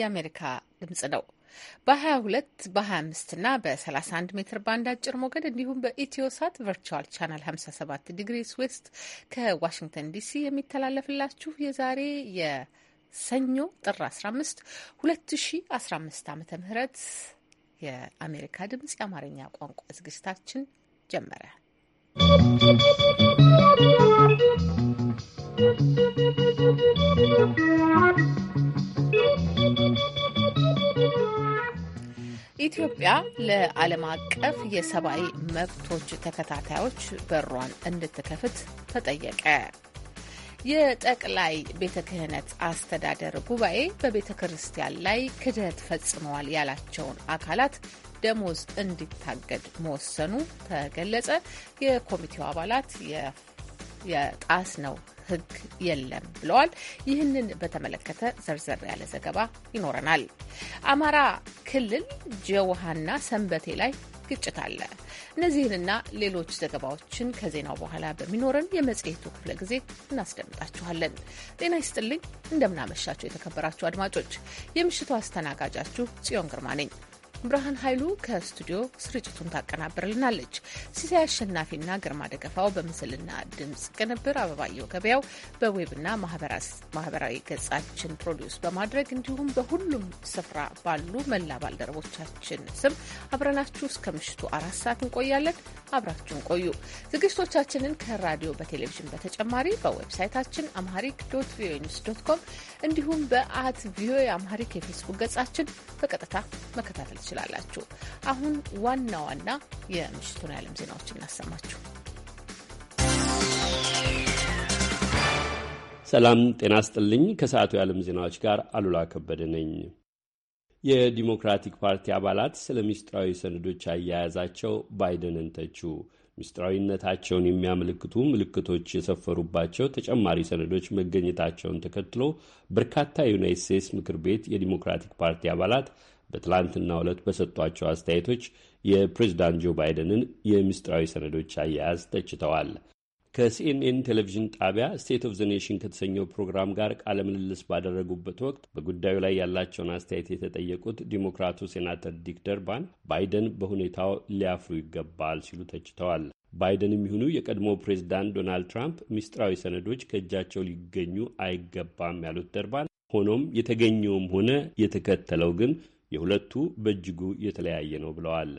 የአሜሪካ ድምጽ ነው። በ22 በ25 እና በ31 ሜትር ባንድ አጭር ሞገድ እንዲሁም በኢትዮሳት ቨርቹዋል ቻናል 57 ዲግሪ ስዌስት ከዋሽንግተን ዲሲ የሚተላለፍላችሁ የዛሬ የሰኞ ጥር 15 2015 ዓ ም የአሜሪካ ድምጽ የአማርኛ ቋንቋ ዝግጅታችን ጀመረ። ¶¶ ኢትዮጵያ ለዓለም አቀፍ የሰብአዊ መብቶች ተከታታዮች በሯን እንድትከፍት ተጠየቀ። የጠቅላይ ቤተ ክህነት አስተዳደር ጉባኤ በቤተ ክርስቲያን ላይ ክደት ፈጽመዋል ያላቸውን አካላት ደሞዝ እንዲታገድ መወሰኑ ተገለጸ። የኮሚቴው አባላት የጣስ ነው ህግ የለም ብለዋል። ይህንን በተመለከተ ዘርዘር ያለ ዘገባ ይኖረናል። አማራ ክልል ጀውሃና ሰንበቴ ላይ ግጭት አለ። እነዚህንና ሌሎች ዘገባዎችን ከዜናው በኋላ በሚኖረን የመጽሔቱ ክፍለ ጊዜ እናስደምጣችኋለን። ጤና ይስጥልኝ፣ እንደምናመሻችሁ የተከበራችሁ አድማጮች፣ የምሽቱ አስተናጋጃችሁ ጽዮን ግርማ ነኝ። ብርሃን ኃይሉ ከስቱዲዮ ስርጭቱን ታቀናብርልናለች። ሲሳይ አሸናፊና ግርማ ደገፋው በምስልና ድምጽ ቅንብር፣ አበባየሁ ገበያው በዌብና ማህበራዊ ገጻችን ፕሮዲውስ በማድረግ እንዲሁም በሁሉም ስፍራ ባሉ መላ ባልደረቦቻችን ስም አብረናችሁ እስከ ምሽቱ አራት ሰዓት እንቆያለን። አብራችሁን ቆዩ። ዝግጅቶቻችንን ከራዲዮ በቴሌቪዥን በተጨማሪ በዌብሳይታችን አምሃሪክ ዶት ቪኦኤ ኒውስ ዶት ኮም እንዲሁም በአት ቪኦኤ አምሃሪክ የፌስቡክ ገጻችን በቀጥታ መከታተል ትችላላችሁ። አሁን ዋና ዋና የምሽቱን የዓለም ዜናዎች እናሰማችሁ። ሰላም ጤና ስጥልኝ። ከሰዓቱ የዓለም ዜናዎች ጋር አሉላ ከበደ ነኝ። የዲሞክራቲክ ፓርቲ አባላት ስለ ምስጢራዊ ሰነዶች አያያዛቸው ባይደንን ተቹ። ምስጢራዊነታቸውን የሚያመለክቱ ምልክቶች የሰፈሩባቸው ተጨማሪ ሰነዶች መገኘታቸውን ተከትሎ በርካታ የዩናይት ስቴትስ ምክር ቤት የዲሞክራቲክ ፓርቲ አባላት በትላንትና ዕለት በሰጧቸው አስተያየቶች የፕሬዝዳንት ጆ ባይደንን የምስጢራዊ ሰነዶች አያያዝ ተችተዋል። ከሲኤንኤን ቴሌቪዥን ጣቢያ ስቴት ኦፍ ዘ ኔሽን ከተሰኘው ፕሮግራም ጋር ቃለ ምልልስ ባደረጉበት ወቅት በጉዳዩ ላይ ያላቸውን አስተያየት የተጠየቁት ዲሞክራቱ ሴናተር ዲክ ደርባን ባይደን በሁኔታው ሊያፍሩ ይገባል ሲሉ ተችተዋል። ባይደን የሚሆኑ የቀድሞ ፕሬዝዳንት ዶናልድ ትራምፕ ምስጢራዊ ሰነዶች ከእጃቸው ሊገኙ አይገባም ያሉት ደርባን ሆኖም የተገኘውም ሆነ የተከተለው ግን የሁለቱ በእጅጉ የተለያየ ነው ብለዋል።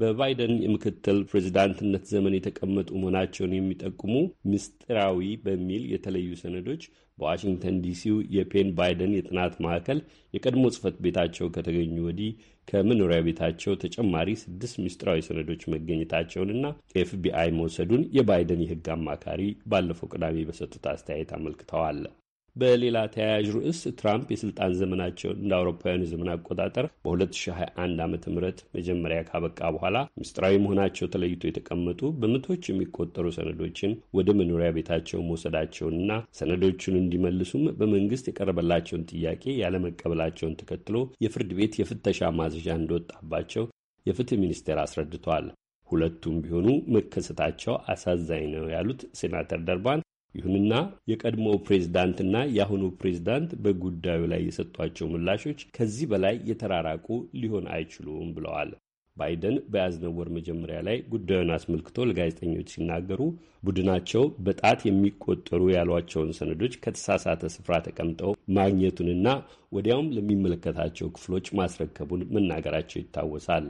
በባይደን የምክትል ፕሬዚዳንትነት ዘመን የተቀመጡ መሆናቸውን የሚጠቁሙ ምስጢራዊ በሚል የተለዩ ሰነዶች በዋሽንግተን ዲሲው የፔን ባይደን የጥናት ማዕከል የቀድሞ ጽህፈት ቤታቸው ከተገኙ ወዲህ ከመኖሪያ ቤታቸው ተጨማሪ ስድስት ምስጢራዊ ሰነዶች መገኘታቸውንና ኤፍቢአይ መውሰዱን የባይደን የህግ አማካሪ ባለፈው ቅዳሜ በሰጡት አስተያየት አመልክተዋል። በሌላ ተያያዥ ርዕስ ትራምፕ የስልጣን ዘመናቸውን እንደ አውሮፓውያኑ ዘመን አቆጣጠር በ2021 ዓ ም መጀመሪያ ካበቃ በኋላ ምስጢራዊ መሆናቸው ተለይቶ የተቀመጡ በመቶዎች የሚቆጠሩ ሰነዶችን ወደ መኖሪያ ቤታቸው መውሰዳቸውንና ሰነዶቹን እንዲመልሱም በመንግስት የቀረበላቸውን ጥያቄ ያለመቀበላቸውን ተከትሎ የፍርድ ቤት የፍተሻ ማዘዣ እንደወጣባቸው የፍትህ ሚኒስቴር አስረድቷል። ሁለቱም ቢሆኑ መከሰታቸው አሳዛኝ ነው ያሉት ሴናተር ደርባን ይሁንና የቀድሞ ፕሬዝዳንትና የአሁኑ ፕሬዝዳንት በጉዳዩ ላይ የሰጧቸው ምላሾች ከዚህ በላይ የተራራቁ ሊሆን አይችሉም ብለዋል። ባይደን በያዝነው ወር መጀመሪያ ላይ ጉዳዩን አስመልክቶ ለጋዜጠኞች ሲናገሩ ቡድናቸው በጣት የሚቆጠሩ ያሏቸውን ሰነዶች ከተሳሳተ ስፍራ ተቀምጠው ማግኘቱንና ወዲያውም ለሚመለከታቸው ክፍሎች ማስረከቡን መናገራቸው ይታወሳል።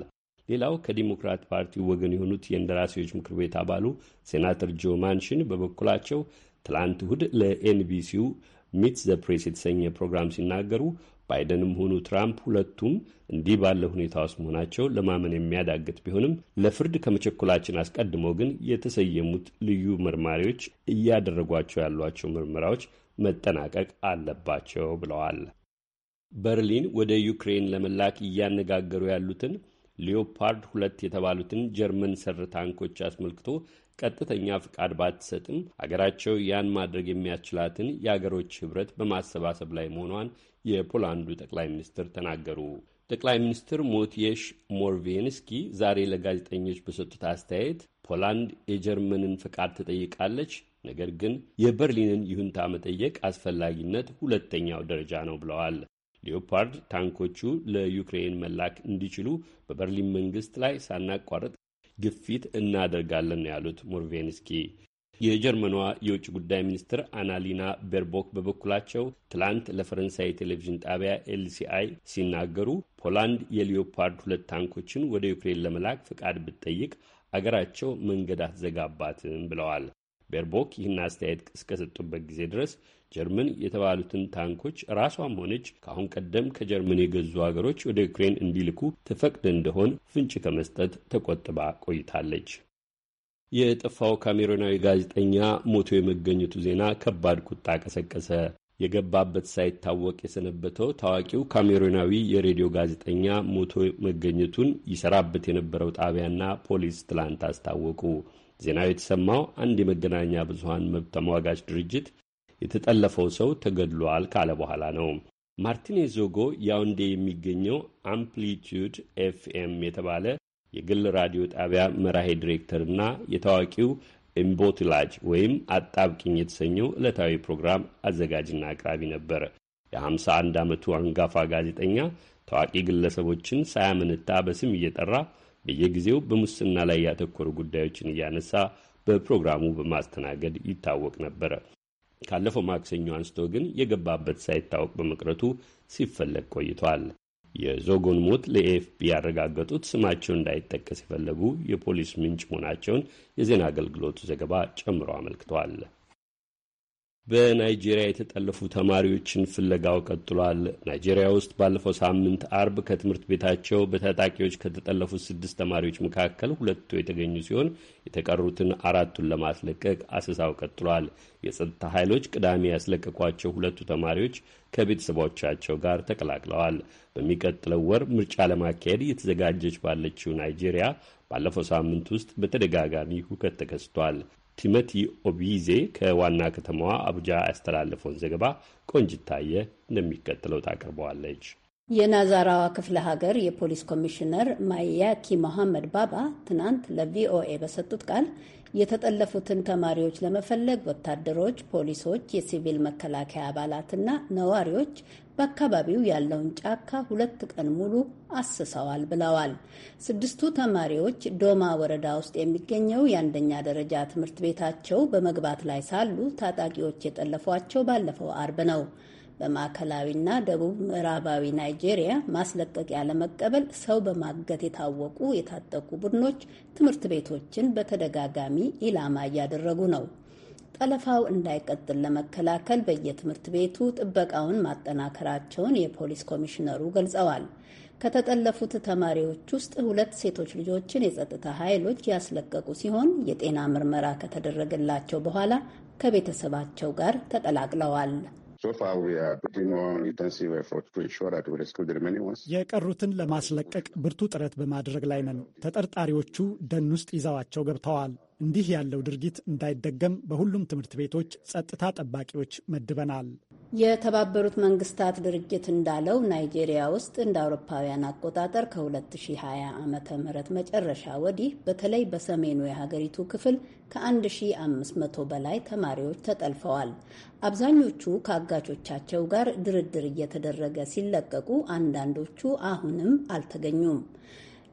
ሌላው ከዲሞክራት ፓርቲ ወገን የሆኑት የእንደራሴዎች ምክር ቤት አባሉ ሴናተር ጆ ማንሽን በበኩላቸው ትላንት እሁድ ለኤንቢሲው ሚት ዘ ፕሬስ የተሰኘ ፕሮግራም ሲናገሩ ባይደንም ሆኑ ትራምፕ ሁለቱም እንዲህ ባለ ሁኔታ ውስጥ መሆናቸው ለማመን የሚያዳግት ቢሆንም ለፍርድ ከመቸኮላችን አስቀድሞ ግን የተሰየሙት ልዩ መርማሪዎች እያደረጓቸው ያሏቸው ምርመራዎች መጠናቀቅ አለባቸው ብለዋል። በርሊን ወደ ዩክሬን ለመላክ እያነጋገሩ ያሉትን ሊዮፓርድ ሁለት የተባሉትን ጀርመን ሰር ታንኮች አስመልክቶ ቀጥተኛ ፍቃድ ባትሰጥም አገራቸው ያን ማድረግ የሚያስችላትን የአገሮች ህብረት በማሰባሰብ ላይ መሆኗን የፖላንዱ ጠቅላይ ሚኒስትር ተናገሩ። ጠቅላይ ሚኒስትር ሞትየሽ ሞርቬንስኪ ዛሬ ለጋዜጠኞች በሰጡት አስተያየት ፖላንድ የጀርመንን ፍቃድ ትጠይቃለች፣ ነገር ግን የበርሊንን ይሁንታ መጠየቅ አስፈላጊነት ሁለተኛው ደረጃ ነው ብለዋል። ሊዮፓርድ ታንኮቹ ለዩክሬን መላክ እንዲችሉ በበርሊን መንግስት ላይ ሳናቋረጥ ግፊት እናደርጋለን ያሉት ሞርቬንስኪ። የጀርመኗ የውጭ ጉዳይ ሚኒስትር አናሊና ቤርቦክ በበኩላቸው ትላንት ለፈረንሳይ ቴሌቪዥን ጣቢያ ኤልሲአይ ሲናገሩ ፖላንድ የሊዮፓርድ ሁለት ታንኮችን ወደ ዩክሬን ለመላክ ፍቃድ ብትጠይቅ አገራቸው መንገድ አትዘጋባትም ብለዋል። ቤርቦክ ይህን አስተያየት እስከሰጡበት ጊዜ ድረስ ጀርመን የተባሉትን ታንኮች ራሷም ሆነች ከአሁን ቀደም ከጀርመን የገዙ ሀገሮች ወደ ዩክሬን እንዲልኩ ትፈቅድ እንደሆን ፍንጭ ከመስጠት ተቆጥባ ቆይታለች። የጠፋው ካሜሮናዊ ጋዜጠኛ ሞቶ የመገኘቱ ዜና ከባድ ቁጣ ቀሰቀሰ። የገባበት ሳይታወቅ የሰነበተው ታዋቂው ካሜሮናዊ የሬዲዮ ጋዜጠኛ ሞቶ መገኘቱን ይሰራበት የነበረው ጣቢያና ፖሊስ ትላንት አስታወቁ። ዜናው የተሰማው አንድ የመገናኛ ብዙሀን መብት ተሟጋች ድርጅት የተጠለፈው ሰው ተገድሏል ካለ በኋላ ነው። ማርቲኔ ዞጎ ያውንዴ የሚገኘው አምፕሊቱድ ኤፍኤም የተባለ የግል ራዲዮ ጣቢያ መራሄ ዲሬክተር እና የታዋቂው ኢምቦትላጅ ወይም አጣብቅኝ የተሰኘው ዕለታዊ ፕሮግራም አዘጋጅና አቅራቢ ነበር። የ51 ዓመቱ አንጋፋ ጋዜጠኛ ታዋቂ ግለሰቦችን ሳያመነታ በስም እየጠራ በየጊዜው በሙስና ላይ ያተኮሩ ጉዳዮችን እያነሳ በፕሮግራሙ በማስተናገድ ይታወቅ ነበረ። ካለፈው ማክሰኞ አንስቶ ግን የገባበት ሳይታወቅ በመቅረቱ ሲፈለግ ቆይቷል። የዞጎን ሞት ለኤኤፍፒ ያረጋገጡት ስማቸው እንዳይጠቀስ የፈለጉ የፖሊስ ምንጭ መሆናቸውን የዜና አገልግሎቱ ዘገባ ጨምሮ አመልክቷል። በናይጄሪያ የተጠለፉ ተማሪዎችን ፍለጋው ቀጥሏል። ናይጄሪያ ውስጥ ባለፈው ሳምንት አርብ ከትምህርት ቤታቸው በታጣቂዎች ከተጠለፉት ስድስት ተማሪዎች መካከል ሁለቱ የተገኙ ሲሆን የተቀሩትን አራቱን ለማስለቀቅ አሰሳው ቀጥሏል። የጸጥታ ኃይሎች ቅዳሜ ያስለቀቋቸው ሁለቱ ተማሪዎች ከቤተሰቦቻቸው ጋር ተቀላቅለዋል። በሚቀጥለው ወር ምርጫ ለማካሄድ እየተዘጋጀች ባለችው ናይጄሪያ ባለፈው ሳምንት ውስጥ በተደጋጋሚ ሁከት ተከስቷል። ቲሞቲ ኦቢዜ ከዋና ከተማዋ አቡጃ ያስተላለፈውን ዘገባ ቆንጅታየ እንደሚከተለው ታቀርበዋለች። የናዛራዋ ክፍለ ሀገር የፖሊስ ኮሚሽነር ማያኪ መሐመድ ባባ ትናንት ለቪኦኤ በሰጡት ቃል የተጠለፉትን ተማሪዎች ለመፈለግ ወታደሮች፣ ፖሊሶች፣ የሲቪል መከላከያ አባላትና ነዋሪዎች በአካባቢው ያለውን ጫካ ሁለት ቀን ሙሉ አስሰዋል ብለዋል። ስድስቱ ተማሪዎች ዶማ ወረዳ ውስጥ የሚገኘው የአንደኛ ደረጃ ትምህርት ቤታቸው በመግባት ላይ ሳሉ ታጣቂዎች የጠለፏቸው ባለፈው አርብ ነው። በማዕከላዊና ደቡብ ምዕራባዊ ናይጄሪያ ማስለቀቂያ ለመቀበል ሰው በማገት የታወቁ የታጠቁ ቡድኖች ትምህርት ቤቶችን በተደጋጋሚ ኢላማ እያደረጉ ነው። ጠለፋው እንዳይቀጥል ለመከላከል በየትምህርት ቤቱ ጥበቃውን ማጠናከራቸውን የፖሊስ ኮሚሽነሩ ገልጸዋል። ከተጠለፉት ተማሪዎች ውስጥ ሁለት ሴቶች ልጆችን የጸጥታ ኃይሎች ያስለቀቁ ሲሆን የጤና ምርመራ ከተደረገላቸው በኋላ ከቤተሰባቸው ጋር ተቀላቅለዋል። የቀሩትን ለማስለቀቅ ብርቱ ጥረት በማድረግ ላይ ነን። ተጠርጣሪዎቹ ደን ውስጥ ይዘዋቸው ገብተዋል። እንዲህ ያለው ድርጊት እንዳይደገም በሁሉም ትምህርት ቤቶች ጸጥታ ጠባቂዎች መድበናል። የተባበሩት መንግስታት ድርጅት እንዳለው ናይጄሪያ ውስጥ እንደ አውሮፓውያን አቆጣጠር ከ2020 ዓ.ም መጨረሻ ወዲህ በተለይ በሰሜኑ የሀገሪቱ ክፍል ከ1500 በላይ ተማሪዎች ተጠልፈዋል። አብዛኞቹ ከአጋቾቻቸው ጋር ድርድር እየተደረገ ሲለቀቁ፣ አንዳንዶቹ አሁንም አልተገኙም።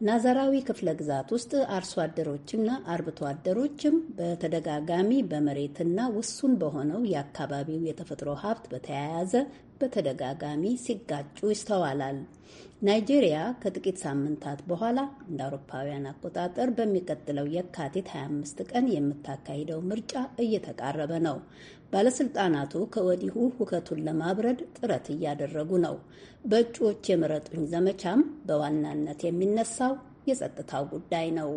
ናዘራዊ ክፍለ ግዛት ውስጥ አርሶ አደሮችና አርብቶ አደሮችም በተደጋጋሚ በመሬትና ውሱን በሆነው የአካባቢው የተፈጥሮ ሀብት በተያያዘ በተደጋጋሚ ሲጋጩ ይስተዋላል። ናይጄሪያ ከጥቂት ሳምንታት በኋላ እንደ አውሮፓውያን አቆጣጠር በሚቀጥለው የካቲት 25 ቀን የምታካሂደው ምርጫ እየተቃረበ ነው። ባለስልጣናቱ ከወዲሁ ሁከቱን ለማብረድ ጥረት እያደረጉ ነው። በእጩዎች የምረጡኝ ዘመቻም በዋናነት የሚነሳው የጸጥታው ጉዳይ ነው።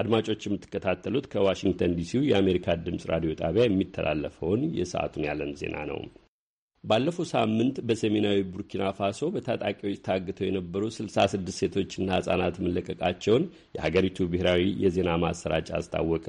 አድማጮች የምትከታተሉት ከዋሽንግተን ዲሲው የአሜሪካ ድምፅ ራዲዮ ጣቢያ የሚተላለፈውን የሰዓቱን ያለም ዜና ነው። ባለፈው ሳምንት በሰሜናዊ ቡርኪና ፋሶ በታጣቂዎች ታግተው የነበሩ 66 ሴቶችና ህጻናት መለቀቃቸውን የሀገሪቱ ብሔራዊ የዜና ማሰራጫ አስታወቀ።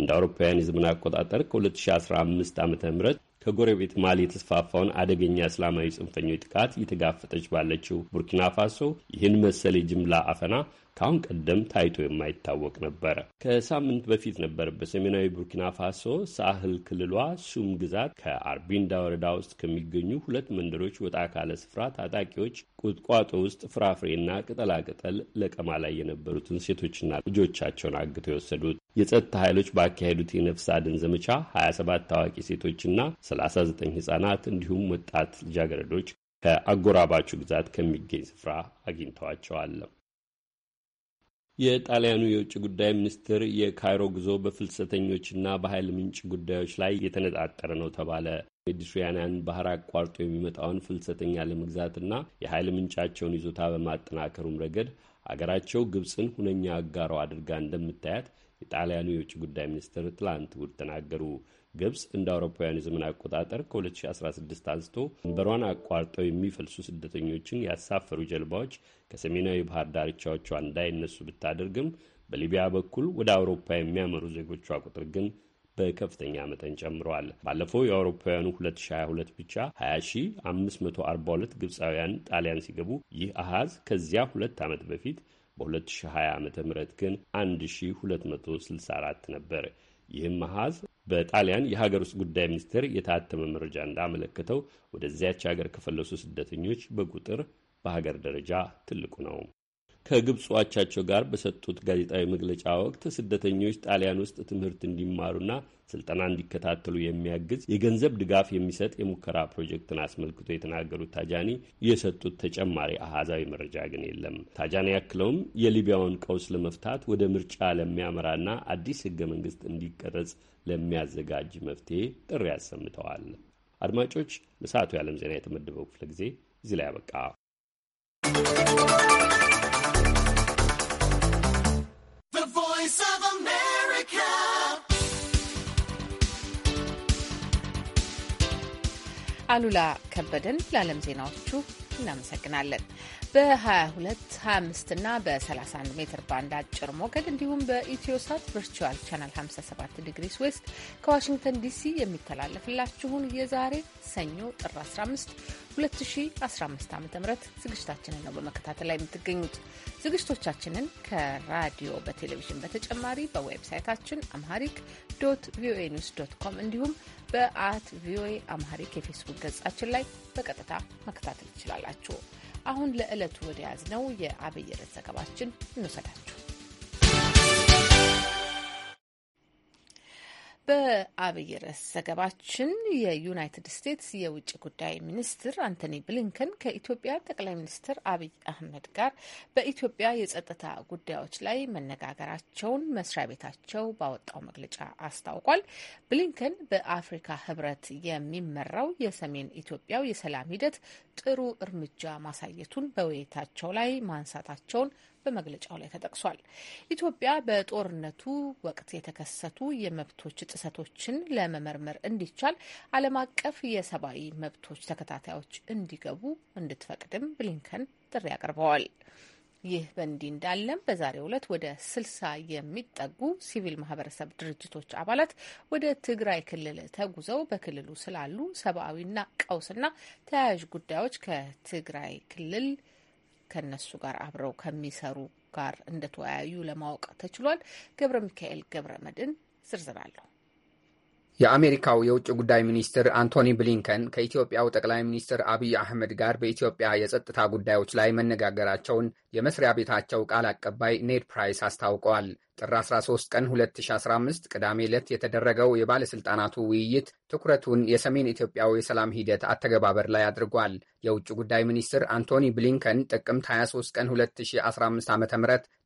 እንደ አውሮፓውያን የዘመን አቆጣጠር ከ2015 ዓ ም ከጎረቤት ማሊ የተስፋፋውን አደገኛ እስላማዊ ጽንፈኞች ጥቃት እየተጋፈጠች ባለችው ቡርኪና ፋሶ ይህን መሰል የጅምላ አፈና ከአሁን ቀደም ታይቶ የማይታወቅ ነበር። ከሳምንት በፊት ነበር በሰሜናዊ ቡርኪና ፋሶ ሳህል ክልሏ ሱም ግዛት ከአርቢንዳ ወረዳ ውስጥ ከሚገኙ ሁለት መንደሮች ወጣ ካለ ስፍራ ታጣቂዎች ቁጥቋጦ ውስጥ ፍራፍሬና ቅጠላቅጠል ለቀማ ላይ የነበሩትን ሴቶችና ልጆቻቸውን አግተው የወሰዱት። የጸጥታ ኃይሎች ባካሄዱት የነፍስ አድን ዘመቻ 27 ታዋቂ ሴቶችና 39 ህጻናት እንዲሁም ወጣት ልጃገረዶች ከአጎራባቹ ግዛት ከሚገኝ ስፍራ አግኝተዋቸዋል። የጣሊያኑ የውጭ ጉዳይ ሚኒስትር የካይሮ ጉዞ በፍልሰተኞችና በኃይል ምንጭ ጉዳዮች ላይ የተነጣጠረ ነው ተባለ። ሜዲትራንያን ባህር አቋርጦ የሚመጣውን ፍልሰተኛ ለመግዛትና የኃይል ምንጫቸውን ይዞታ በማጠናከሩም ረገድ አገራቸው ግብፅን ሁነኛ አጋሯ አድርጋ እንደምታያት የጣሊያኑ የውጭ ጉዳይ ሚኒስትር ትላንት ውድ ተናገሩ። ግብጽ እንደ አውሮፓውያን የዘመን አቆጣጠር ከ2016 አንስቶ ድንበሯን አቋርጠው የሚፈልሱ ስደተኞችን ያሳፈሩ ጀልባዎች ከሰሜናዊ ባህር ዳርቻዎቿ እንዳይነሱ ብታደርግም በሊቢያ በኩል ወደ አውሮፓ የሚያመሩ ዜጎቿ ቁጥር ግን በከፍተኛ መጠን ጨምረዋል። ባለፈው የአውሮፓውያኑ 2022 ብቻ 20542 ግብፃውያን ጣሊያን ሲገቡ ይህ አሃዝ ከዚያ ሁለት ዓመት በፊት በ2020 ዓ ም ግን 1264 ነበር። ይህም መሐዝ በጣሊያን የሀገር ውስጥ ጉዳይ ሚኒስቴር የታተመ መረጃ እንዳመለከተው ወደዚያች ሀገር ከፈለሱ ስደተኞች በቁጥር በሀገር ደረጃ ትልቁ ነው። ከግብፅ ዋቻቸው ጋር በሰጡት ጋዜጣዊ መግለጫ ወቅት ስደተኞች ጣሊያን ውስጥ ትምህርት እንዲማሩና ስልጠና እንዲከታተሉ የሚያግዝ የገንዘብ ድጋፍ የሚሰጥ የሙከራ ፕሮጀክትን አስመልክቶ የተናገሩት ታጃኒ የሰጡት ተጨማሪ አሃዛዊ መረጃ ግን የለም። ታጃኒ ያክለውም የሊቢያውን ቀውስ ለመፍታት ወደ ምርጫ ለሚያመራና አዲስ ህገ መንግስት እንዲቀረጽ ለሚያዘጋጅ መፍትሄ ጥሪ አሰምተዋል። አድማጮች፣ ለሰዓቱ የዓለም ዜና የተመደበው ክፍለ ጊዜ እዚህ ላይ you. አሉላ ከበደን ለዓለም ዜናዎቹ እናመሰግናለን። በ22፣ 25 እና በ31 ሜትር ባንድ አጭር ሞገድ እንዲሁም በኢትዮሳት ቨርቹዋል ቻናል 57 ዲግሪስ ዌስት ከዋሽንግተን ዲሲ የሚተላለፍላችሁን የዛሬ ሰኞ ጥር 15 2015 ዓ ም ዝግጅታችንን ነው በመከታተል ላይ የምትገኙት። ዝግጅቶቻችንን ከራዲዮ በቴሌቪዥን በተጨማሪ በዌብሳይታችን አምሃሪክ ዶት ቪኦኤ ኒውስ ዶት ኮም እንዲሁም በአት ቪኦኤ አምሃሪክ የፌስቡክ ገጻችን ላይ በቀጥታ መከታተል ትችላላችሁ። አሁን ለዕለቱ ወደ ያዝነው የአብይ ርዕስ ዘገባችን እንወሰዳችሁ። በአብይ ርዕስ ዘገባችን የዩናይትድ ስቴትስ የውጭ ጉዳይ ሚኒስትር አንቶኒ ብሊንከን ከኢትዮጵያ ጠቅላይ ሚኒስትር አብይ አህመድ ጋር በኢትዮጵያ የጸጥታ ጉዳዮች ላይ መነጋገራቸውን መስሪያ ቤታቸው ባወጣው መግለጫ አስታውቋል። ብሊንከን በአፍሪካ ሕብረት የሚመራው የሰሜን ኢትዮጵያው የሰላም ሂደት ጥሩ እርምጃ ማሳየቱን በውይይታቸው ላይ ማንሳታቸውን በመግለጫው ላይ ተጠቅሷል። ኢትዮጵያ በጦርነቱ ወቅት የተከሰቱ የመብቶች ጥሰቶችን ለመመርመር እንዲቻል ዓለም አቀፍ የሰብአዊ መብቶች ተከታታዮች እንዲገቡ እንድትፈቅድም ብሊንከን ጥሪ አቅርበዋል። ይህ በእንዲህ እንዳለም በዛሬው ዕለት ወደ ስልሳ የሚጠጉ ሲቪል ማህበረሰብ ድርጅቶች አባላት ወደ ትግራይ ክልል ተጉዘው በክልሉ ስላሉ ሰብአዊና ቀውስና ተያያዥ ጉዳዮች ከትግራይ ክልል ከነሱ ጋር አብረው ከሚሰሩ ጋር እንደተወያዩ ለማወቅ ተችሏል። ገብረ ሚካኤል ገብረ መድን ዝርዝራለሁ። የአሜሪካው የውጭ ጉዳይ ሚኒስትር አንቶኒ ብሊንከን ከኢትዮጵያው ጠቅላይ ሚኒስትር አብይ አህመድ ጋር በኢትዮጵያ የጸጥታ ጉዳዮች ላይ መነጋገራቸውን የመስሪያ ቤታቸው ቃል አቀባይ ኔድ ፕራይስ አስታውቀዋል። ጥር 13 ቀን 2015 ቅዳሜ ዕለት የተደረገው የባለሥልጣናቱ ውይይት ትኩረቱን የሰሜን ኢትዮጵያው የሰላም ሂደት አተገባበር ላይ አድርጓል። የውጭ ጉዳይ ሚኒስትር አንቶኒ ብሊንከን ጥቅምት 23 ቀን 2015 ዓ ም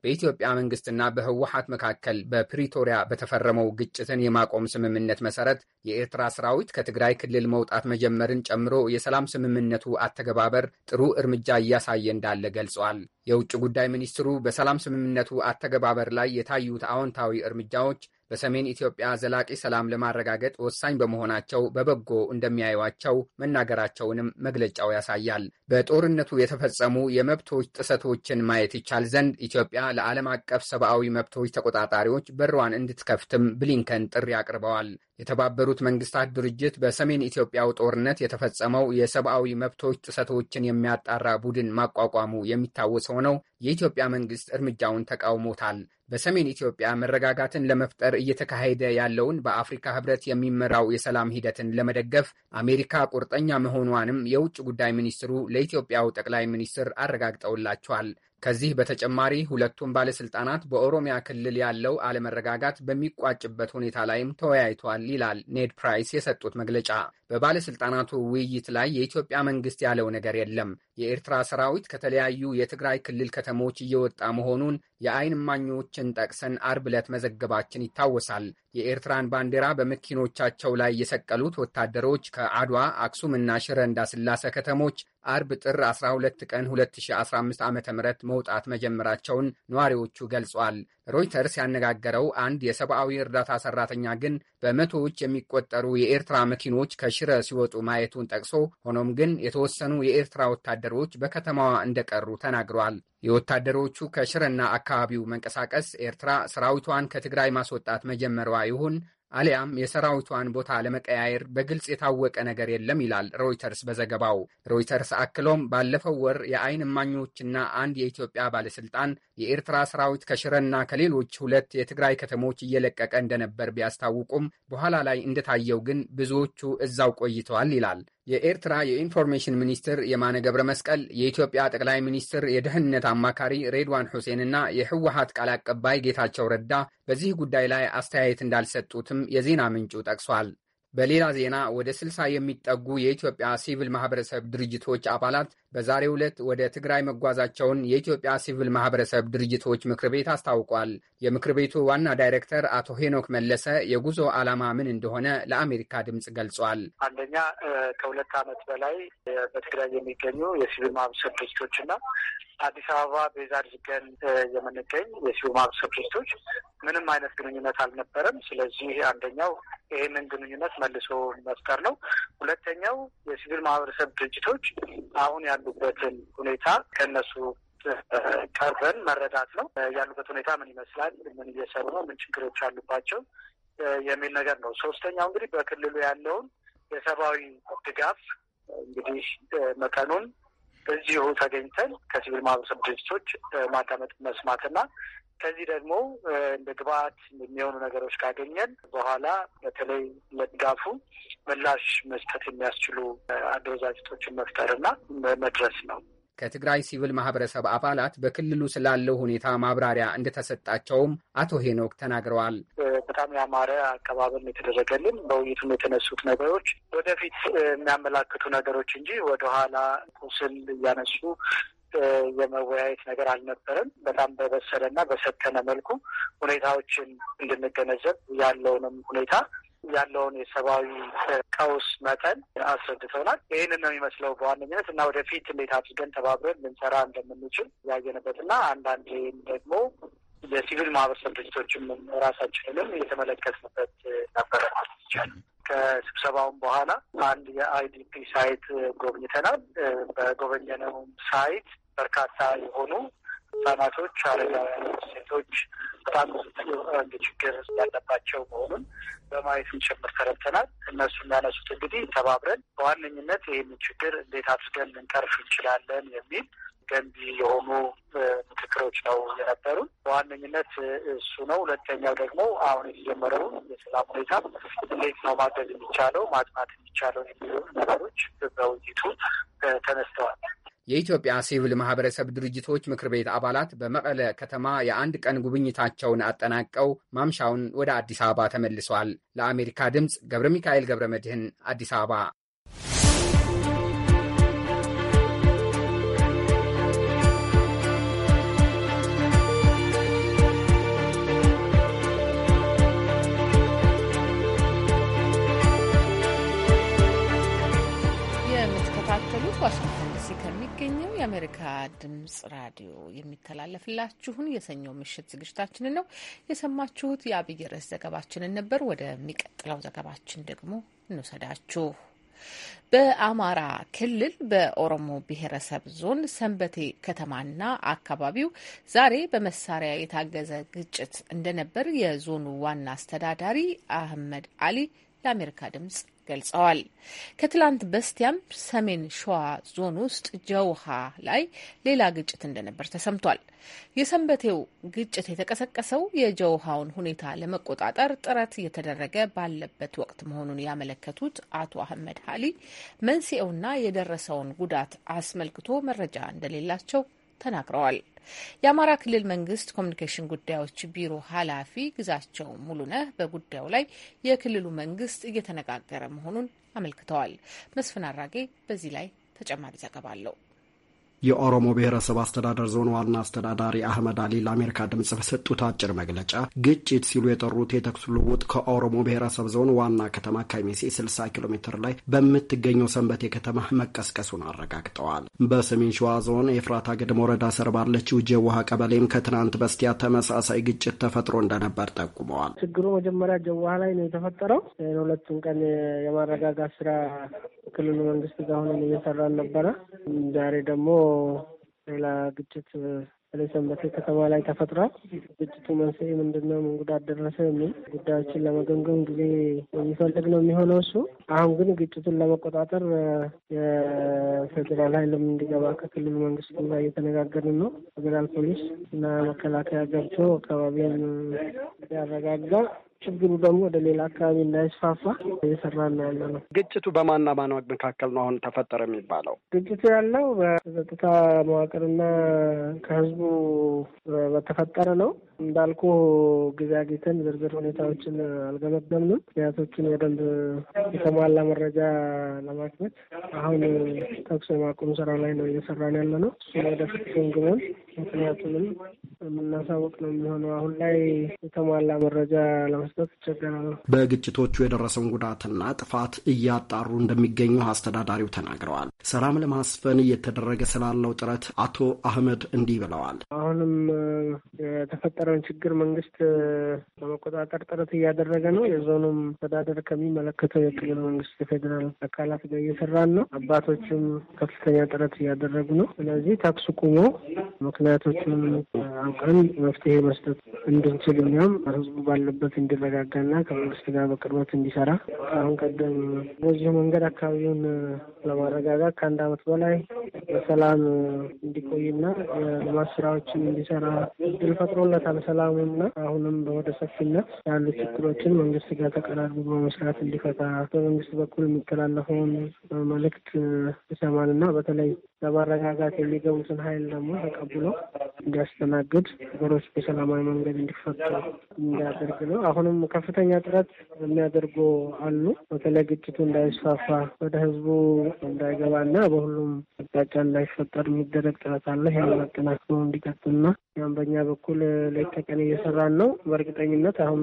በኢትዮጵያ መንግሥትና በህወሓት መካከል በፕሪቶሪያ በተፈረመው ግጭትን የማቆም ስምምነት መሠረት የኤርትራ ሰራዊት ከትግራይ ክልል መውጣት መጀመርን ጨምሮ የሰላም ስምምነቱ አተገባበር ጥሩ እርምጃ እያሳየ እንዳለ ገልጿል። የውጭ ጉዳይ ሚኒስትሩ በሰላም ስምምነቱ አተገባበር ላይ የታዩት አዎንታዊ እርምጃዎች በሰሜን ኢትዮጵያ ዘላቂ ሰላም ለማረጋገጥ ወሳኝ በመሆናቸው በበጎ እንደሚያዩቸው መናገራቸውንም መግለጫው ያሳያል። በጦርነቱ የተፈጸሙ የመብቶች ጥሰቶችን ማየት ይቻል ዘንድ ኢትዮጵያ ለዓለም አቀፍ ሰብአዊ መብቶች ተቆጣጣሪዎች በሯን እንድትከፍትም ብሊንከን ጥሪ አቅርበዋል። የተባበሩት መንግስታት ድርጅት በሰሜን ኢትዮጵያው ጦርነት የተፈጸመው የሰብአዊ መብቶች ጥሰቶችን የሚያጣራ ቡድን ማቋቋሙ የሚታወሰው ነው። የኢትዮጵያ መንግስት እርምጃውን ተቃውሞታል። በሰሜን ኢትዮጵያ መረጋጋትን ለመፍጠር እየተካሄደ ያለውን በአፍሪካ ህብረት የሚመራው የሰላም ሂደትን ለመደገፍ አሜሪካ ቁርጠኛ መሆኗንም የውጭ ጉዳይ ሚኒስትሩ ለኢትዮጵያው ጠቅላይ ሚኒስትር አረጋግጠውላቸዋል። ከዚህ በተጨማሪ ሁለቱም ባለስልጣናት በኦሮሚያ ክልል ያለው አለመረጋጋት በሚቋጭበት ሁኔታ ላይም ተወያይቷል ይላል ኔድ ፕራይስ የሰጡት መግለጫ። በባለስልጣናቱ ውይይት ላይ የኢትዮጵያ መንግስት ያለው ነገር የለም። የኤርትራ ሰራዊት ከተለያዩ የትግራይ ክልል ከተሞች እየወጣ መሆኑን የአይን እማኞችን ጠቅሰን አርብ ዕለት መዘገባችን ይታወሳል። የኤርትራን ባንዲራ በመኪኖቻቸው ላይ የሰቀሉት ወታደሮች ከአድዋ አክሱም እና ሽረ እንዳስላሴ ከተሞች አርብ ጥር 12 ቀን 2015 ዓ ም መውጣት መጀመራቸውን ነዋሪዎቹ ገልጿል። ሮይተርስ ያነጋገረው አንድ የሰብአዊ እርዳታ ሰራተኛ ግን በመቶዎች የሚቆጠሩ የኤርትራ መኪኖች ከሽረ ሲወጡ ማየቱን ጠቅሶ ሆኖም ግን የተወሰኑ የኤርትራ ወታደሮች በከተማዋ እንደቀሩ ተናግሯል። የወታደሮቹ ከሽረና አካባቢው መንቀሳቀስ ኤርትራ ሰራዊቷን ከትግራይ ማስወጣት መጀመሯ ይሁን አሊያም የሰራዊቷን ቦታ ለመቀያየር በግልጽ የታወቀ ነገር የለም ይላል ሮይተርስ በዘገባው። ሮይተርስ አክሎም ባለፈው ወር የአይን እማኞችና አንድ የኢትዮጵያ ባለስልጣን የኤርትራ ሰራዊት ከሽረና ከሌሎች ሁለት የትግራይ ከተሞች እየለቀቀ እንደነበር ቢያስታውቁም በኋላ ላይ እንደታየው ግን ብዙዎቹ እዛው ቆይተዋል ይላል። የኤርትራ የኢንፎርሜሽን ሚኒስትር የማነ ገብረ መስቀል የኢትዮጵያ ጠቅላይ ሚኒስትር የደህንነት አማካሪ ሬድዋን ሁሴንና የህወሀት ቃል አቀባይ ጌታቸው ረዳ በዚህ ጉዳይ ላይ አስተያየት እንዳልሰጡትም የዜና ምንጩ ጠቅሷል። በሌላ ዜና ወደ ስልሳ የሚጠጉ የኢትዮጵያ ሲቪል ማህበረሰብ ድርጅቶች አባላት በዛሬው ዕለት ወደ ትግራይ መጓዛቸውን የኢትዮጵያ ሲቪል ማህበረሰብ ድርጅቶች ምክር ቤት አስታውቋል። የምክር ቤቱ ዋና ዳይሬክተር አቶ ሄኖክ መለሰ የጉዞ ዓላማ ምን እንደሆነ ለአሜሪካ ድምፅ ገልጿል። አንደኛ ከሁለት ዓመት በላይ በትግራይ የሚገኙ የሲቪል ማህበረሰብ ድርጅቶችና አዲስ አበባ ቤዛ አድርገን የምንገኝ የሲዩ ማህበረሰብ ድርጅቶች ምንም አይነት ግንኙነት አልነበረም። ስለዚህ አንደኛው ይህንን ግንኙነት መልሶ መፍጠር ነው። ሁለተኛው የሲቪል ማህበረሰብ ድርጅቶች አሁን ያሉበትን ሁኔታ ከነሱ ቀርበን መረዳት ነው። ያሉበት ሁኔታ ምን ይመስላል፣ ምን እየሰሩ ነው፣ ምን ችግሮች አሉባቸው የሚል ነገር ነው። ሶስተኛው እንግዲህ በክልሉ ያለውን የሰብአዊ ድጋፍ እንግዲህ መጠኑን ሆ ተገኝተን ከሲቪል ማህበረሰብ ድርጅቶች ማዳመጥ መስማትና ከዚህ ደግሞ እንደ ግብአት የሚሆኑ ነገሮች ካገኘን በኋላ በተለይ ለድጋፉ ምላሽ መስጠት የሚያስችሉ አደረጃጀቶችን መፍጠርና መድረስ ነው። ከትግራይ ሲቪል ማህበረሰብ አባላት በክልሉ ስላለው ሁኔታ ማብራሪያ እንደተሰጣቸውም አቶ ሄኖክ ተናግረዋል። በጣም ያማረ አቀባበል የተደረገልን በውይይቱም የተነሱት ነገሮች ወደፊት የሚያመላክቱ ነገሮች እንጂ ወደኋላ ቁስል እያነሱ የመወያየት ነገር አልነበረም። በጣም በበሰለ ና በሰከነ መልኩ ሁኔታዎችን እንድንገነዘብ ያለውንም ሁኔታ ያለውን የሰብአዊ ቀውስ መጠን አስረድተውናል። ይህንን ነው የሚመስለው በዋነኝነት እና ወደፊት እንዴት አድርገን ተባብረን ልንሰራ እንደምንችል ያየንበት እና አንዳንዴም ደግሞ የሲቪል ማህበረሰብ ድርጅቶችም ራሳችንንም የተመለከትንበት ነበረ ማለት ይቻላል። ከስብሰባውም በኋላ አንድ የአይዲፒ ሳይት ጎብኝተናል። በጎበኘነው ሳይት በርካታ የሆኑ ህጻናቶች፣ አረጋውያኖች፣ ሴቶች በጣም ብዙ ችግር ያለባቸው መሆኑን በማየትም ጭምር ተረድተናል። እነሱ የሚያነሱት እንግዲህ ተባብረን በዋነኝነት ይህን ችግር እንዴት አድርገን ልንቀርፍ እንችላለን የሚል ገንቢ የሆኑ ምክክሮች ነው የነበሩ። በዋነኝነት እሱ ነው። ሁለተኛው ደግሞ አሁን የተጀመረው የሰላም ሁኔታ እንዴት ነው ማገዝ የሚቻለው ማጥናት የሚቻለው የሚሉ ነገሮች በውይይቱ ተነስተዋል። የኢትዮጵያ ሲቪል ማህበረሰብ ድርጅቶች ምክር ቤት አባላት በመቀለ ከተማ የአንድ ቀን ጉብኝታቸውን አጠናቀው ማምሻውን ወደ አዲስ አበባ ተመልሷል። ለአሜሪካ ድምፅ ገብረ ሚካኤል ገብረ መድህን አዲስ አበባ ከሚገኘው የአሜሪካ ድምጽ ራዲዮ የሚተላለፍላችሁን የሰኞ ምሽት ዝግጅታችንን ነው የሰማችሁት። የአብይ ርዕስ ዘገባችንን ነበር። ወደሚቀጥለው ዘገባችን ደግሞ እንውሰዳችሁ። በአማራ ክልል በኦሮሞ ብሔረሰብ ዞን ሰንበቴ ከተማና አካባቢው ዛሬ በመሳሪያ የታገዘ ግጭት እንደነበር የዞኑ ዋና አስተዳዳሪ አህመድ አሊ ለአሜሪካ ድምጽ ገልጸዋል። ከትላንት በስቲያም ሰሜን ሸዋ ዞን ውስጥ ጀውሃ ላይ ሌላ ግጭት እንደነበር ተሰምቷል። የሰንበቴው ግጭት የተቀሰቀሰው የጀውሃውን ሁኔታ ለመቆጣጠር ጥረት እየተደረገ ባለበት ወቅት መሆኑን ያመለከቱት አቶ አህመድ ሀሊ መንስኤውና የደረሰውን ጉዳት አስመልክቶ መረጃ እንደሌላቸው ተናግረዋል። የአማራ ክልል መንግስት ኮሚኒኬሽን ጉዳዮች ቢሮ ኃላፊ ግዛቸው ሙሉነህ በጉዳዩ ላይ የክልሉ መንግስት እየተነጋገረ መሆኑን አመልክተዋል። መስፍን አራጌ በዚህ ላይ ተጨማሪ ዘገባ አለው። የኦሮሞ ብሔረሰብ አስተዳደር ዞን ዋና አስተዳዳሪ አህመድ አሊ ለአሜሪካ ድምጽ በሰጡት አጭር መግለጫ ግጭት ሲሉ የጠሩት የተኩስ ልውውጥ ከኦሮሞ ብሔረሰብ ዞን ዋና ከተማ ከሚሴ 60 ኪሎ ሜትር ላይ በምትገኘው ሰንበቴ ከተማ መቀስቀሱን አረጋግጠዋል። በሰሜን ሸዋ ዞን ኤፍራታ ግድም ወረዳ ስር ባለችው ጀዋሃ ቀበሌም ከትናንት በስቲያ ተመሳሳይ ግጭት ተፈጥሮ እንደነበር ጠቁመዋል። ችግሩ መጀመሪያ ጀዋሃ ላይ ነው የተፈጠረው። ሁለቱን ቀን የማረጋጋት ስራ ክልሉ መንግስት ጋር ሆነን እየሰራን ነበረ። ዛሬ ደግሞ ሌላ ግጭት ሰንበቴ ከተማ ላይ ተፈጥሯል። ግጭቱ መንስኤ ምንድነው? ምን ጉዳት ደረሰ? የሚል ጉዳዮችን ለመገምገም ጊዜ የሚፈልግ ነው የሚሆነው እሱ። አሁን ግን ግጭቱን ለመቆጣጠር የፌዴራል ኃይልም እንዲገባ ከክልሉ መንግስት ጋር እየተነጋገርን ነው። ፌዴራል ፖሊስ እና መከላከያ ገብቶ አካባቢውን ያረጋጋ ችግሩ ደግሞ ወደ ሌላ አካባቢ እንዳይስፋፋ እየሰራ ነው ያለ ነው። ግጭቱ በማና ማና መካከል ነው አሁን ተፈጠረ የሚባለው? ግጭቱ ያለው በጸጥታ መዋቅርና ከህዝቡ በተፈጠረ ነው። እንዳልኩ ጊዜ አግኝተን ዝርዝር ሁኔታዎችን አልገመገምንም። ምክንያቶችን በደንብ የተሟላ መረጃ ለማግኘት አሁን ተኩስ የማቆም ስራ ላይ ነው እየሰራን ያለ ነው። እሱ ወደፊት ግምግመን ምክንያቱንም የምናሳውቅ ነው የሚሆነው። አሁን ላይ የተሟላ መረጃ ለመ ለመስጠት ይቸገራሉ። በግጭቶቹ የደረሰውን ጉዳትና ጥፋት እያጣሩ እንደሚገኙ አስተዳዳሪው ተናግረዋል። ሰላም ለማስፈን እየተደረገ ስላለው ጥረት አቶ አህመድ እንዲህ ብለዋል። አሁንም የተፈጠረውን ችግር መንግስት ለመቆጣጠር ጥረት እያደረገ ነው። የዞኑም አስተዳደር ከሚመለከተው የክልል መንግስት የፌዴራል አካላት ጋር እየሰራን ነው። አባቶችም ከፍተኛ ጥረት እያደረጉ ነው። ስለዚህ ተኩሱ ቁሞ ምክንያቶችን አውቀን መፍትሄ መስጠት እንድንችል እኛም ህዝቡ ባለበት እንድ እንዲረጋጋና ከመንግስት ጋር በቅርበት እንዲሰራ አሁን ቀደም በዚሁ መንገድ አካባቢውን ለማረጋጋት ከአንድ አመት በላይ በሰላም እንዲቆይና የልማት ስራዎችን እንዲሰራ እድል ፈጥሮለታል። ሰላሙና አሁንም በወደ ሰፊነት ያሉ ችግሮችን መንግስት ጋር ተቀራርቡ በመስራት እንዲፈታ በመንግስት በኩል የሚተላለፈውን መልእክት ይሰማልና በተለይ ለማረጋጋት የሚገቡትን ሀይል ደግሞ ተቀብሎ እንዲያስተናግድ ነገሮች በሰላማዊ መንገድ እንዲፈቱ እንዲያደርግ ነው አሁን አሁንም ከፍተኛ ጥረት የሚያደርጉ አሉ። በተለይ ግጭቱ እንዳይስፋፋ ወደ ህዝቡ እንዳይገባና በሁሉም አቅጣጫ እንዳይፈጠር የሚደረግ ጥረት አለ። ያን መጠናክሮ እንዲቀጥልና ያም በእኛ በኩል ሌት ተቀን እየሰራን ነው። በእርግጠኝነት አሁን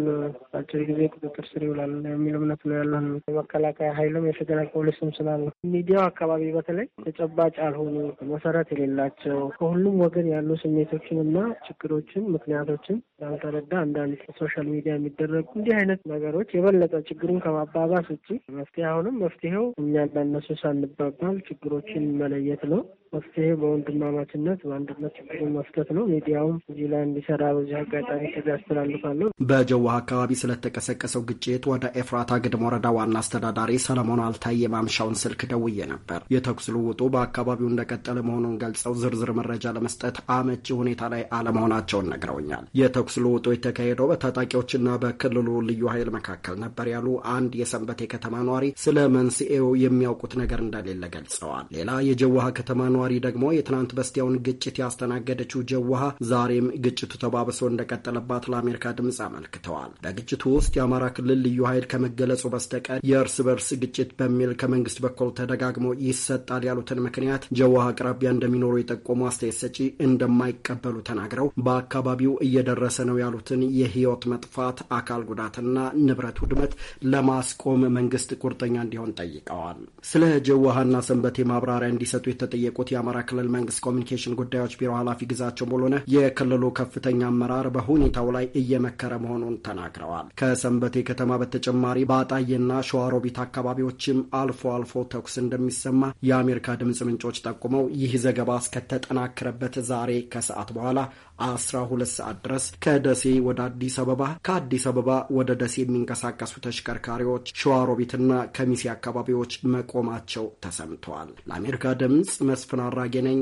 አጭር ጊዜ ቁጥጥር ስር ይውላል የሚል እምነት ነው ያለን። የመከላከያ ኃይልም የፌደራል ፖሊስም ስላለ ሚዲያው አካባቢ በተለይ ተጨባጭ አልሆኑ መሰረት የሌላቸው ከሁሉም ወገን ያሉ ስሜቶችን እና ችግሮችን ምክንያቶችን ያልተረዳ አንዳንድ ሶሻል ሚዲያ የሚደረግ ሲደረጉ እንዲህ አይነት ነገሮች የበለጠ ችግሩን ከማባባስ ውጭ መፍትሄ አሁንም መፍትሄው እኛ እነሱ ሳንባባል ችግሮችን መለየት ነው። መፍትሄ በወንድማማችነት በአንድነት ችግሩን መፍተት ነው። ሚዲያውም እዚህ ላይ እንዲሰራ በዚህ አጋጣሚ ስጋ ያስተላልፋለሁ። በጀዋ አካባቢ ስለተቀሰቀሰው ግጭት ወደ ኤፍራታ ግድም ወረዳ ዋና አስተዳዳሪ ሰለሞን አልታይ የማምሻውን ስልክ ደውዬ ነበር። የተኩስ ልውጡ በአካባቢው እንደቀጠለ መሆኑን ገልጸው ዝርዝር መረጃ ለመስጠት አመቺ ሁኔታ ላይ አለመሆናቸውን ነግረውኛል። የተኩስ ልውጡ የተካሄደው በታጣቂዎችና በክ ክልሉ ልዩ ኃይል መካከል ነበር ያሉ አንድ የሰንበቴ ከተማ ነዋሪ ስለ መንስኤው የሚያውቁት ነገር እንደሌለ ገልጸዋል። ሌላ የጀዋሃ ከተማ ነዋሪ ደግሞ የትናንት በስቲያውን ግጭት ያስተናገደችው ጀዋሃ ዛሬም ግጭቱ ተባብሶ እንደቀጠለባት ለአሜሪካ ድምፅ አመልክተዋል። በግጭቱ ውስጥ የአማራ ክልል ልዩ ኃይል ከመገለጹ በስተቀር የእርስ በርስ ግጭት በሚል ከመንግስት በኩል ተደጋግሞ ይሰጣል ያሉትን ምክንያት ጀዋሃ አቅራቢያ እንደሚኖሩ የጠቆሙ አስተያየት ሰጪ እንደማይቀበሉ ተናግረው በአካባቢው እየደረሰ ነው ያሉትን የህይወት መጥፋት አካል የአካል ጉዳትና ንብረት ውድመት ለማስቆም መንግስት ቁርጠኛ እንዲሆን ጠይቀዋል። ስለ ጀዋሃና ሰንበቴ ማብራሪያ እንዲሰጡ የተጠየቁት የአማራ ክልል መንግስት ኮሚኒኬሽን ጉዳዮች ቢሮ ኃላፊ ግዛቸው ሙሉነህ የክልሉ ከፍተኛ አመራር በሁኔታው ላይ እየመከረ መሆኑን ተናግረዋል። ከሰንበቴ ከተማ በተጨማሪ በአጣዬና ሸዋሮቢት አካባቢዎችም አልፎ አልፎ ተኩስ እንደሚሰማ የአሜሪካ ድምፅ ምንጮች ጠቁመው ይህ ዘገባ እስከተጠናክረበት ዛሬ ከሰዓት በኋላ 12 ሰዓት ድረስ ከደሴ ወደ አዲስ አበባ፣ ከአዲስ አበባ ወደ ደሴ የሚንቀሳቀሱ ተሽከርካሪዎች ሸዋሮቢትና ከሚሴ አካባቢዎች መቆማቸው ተሰምተዋል። ለአሜሪካ ድምፅ መስፍን አራጌ ነኝ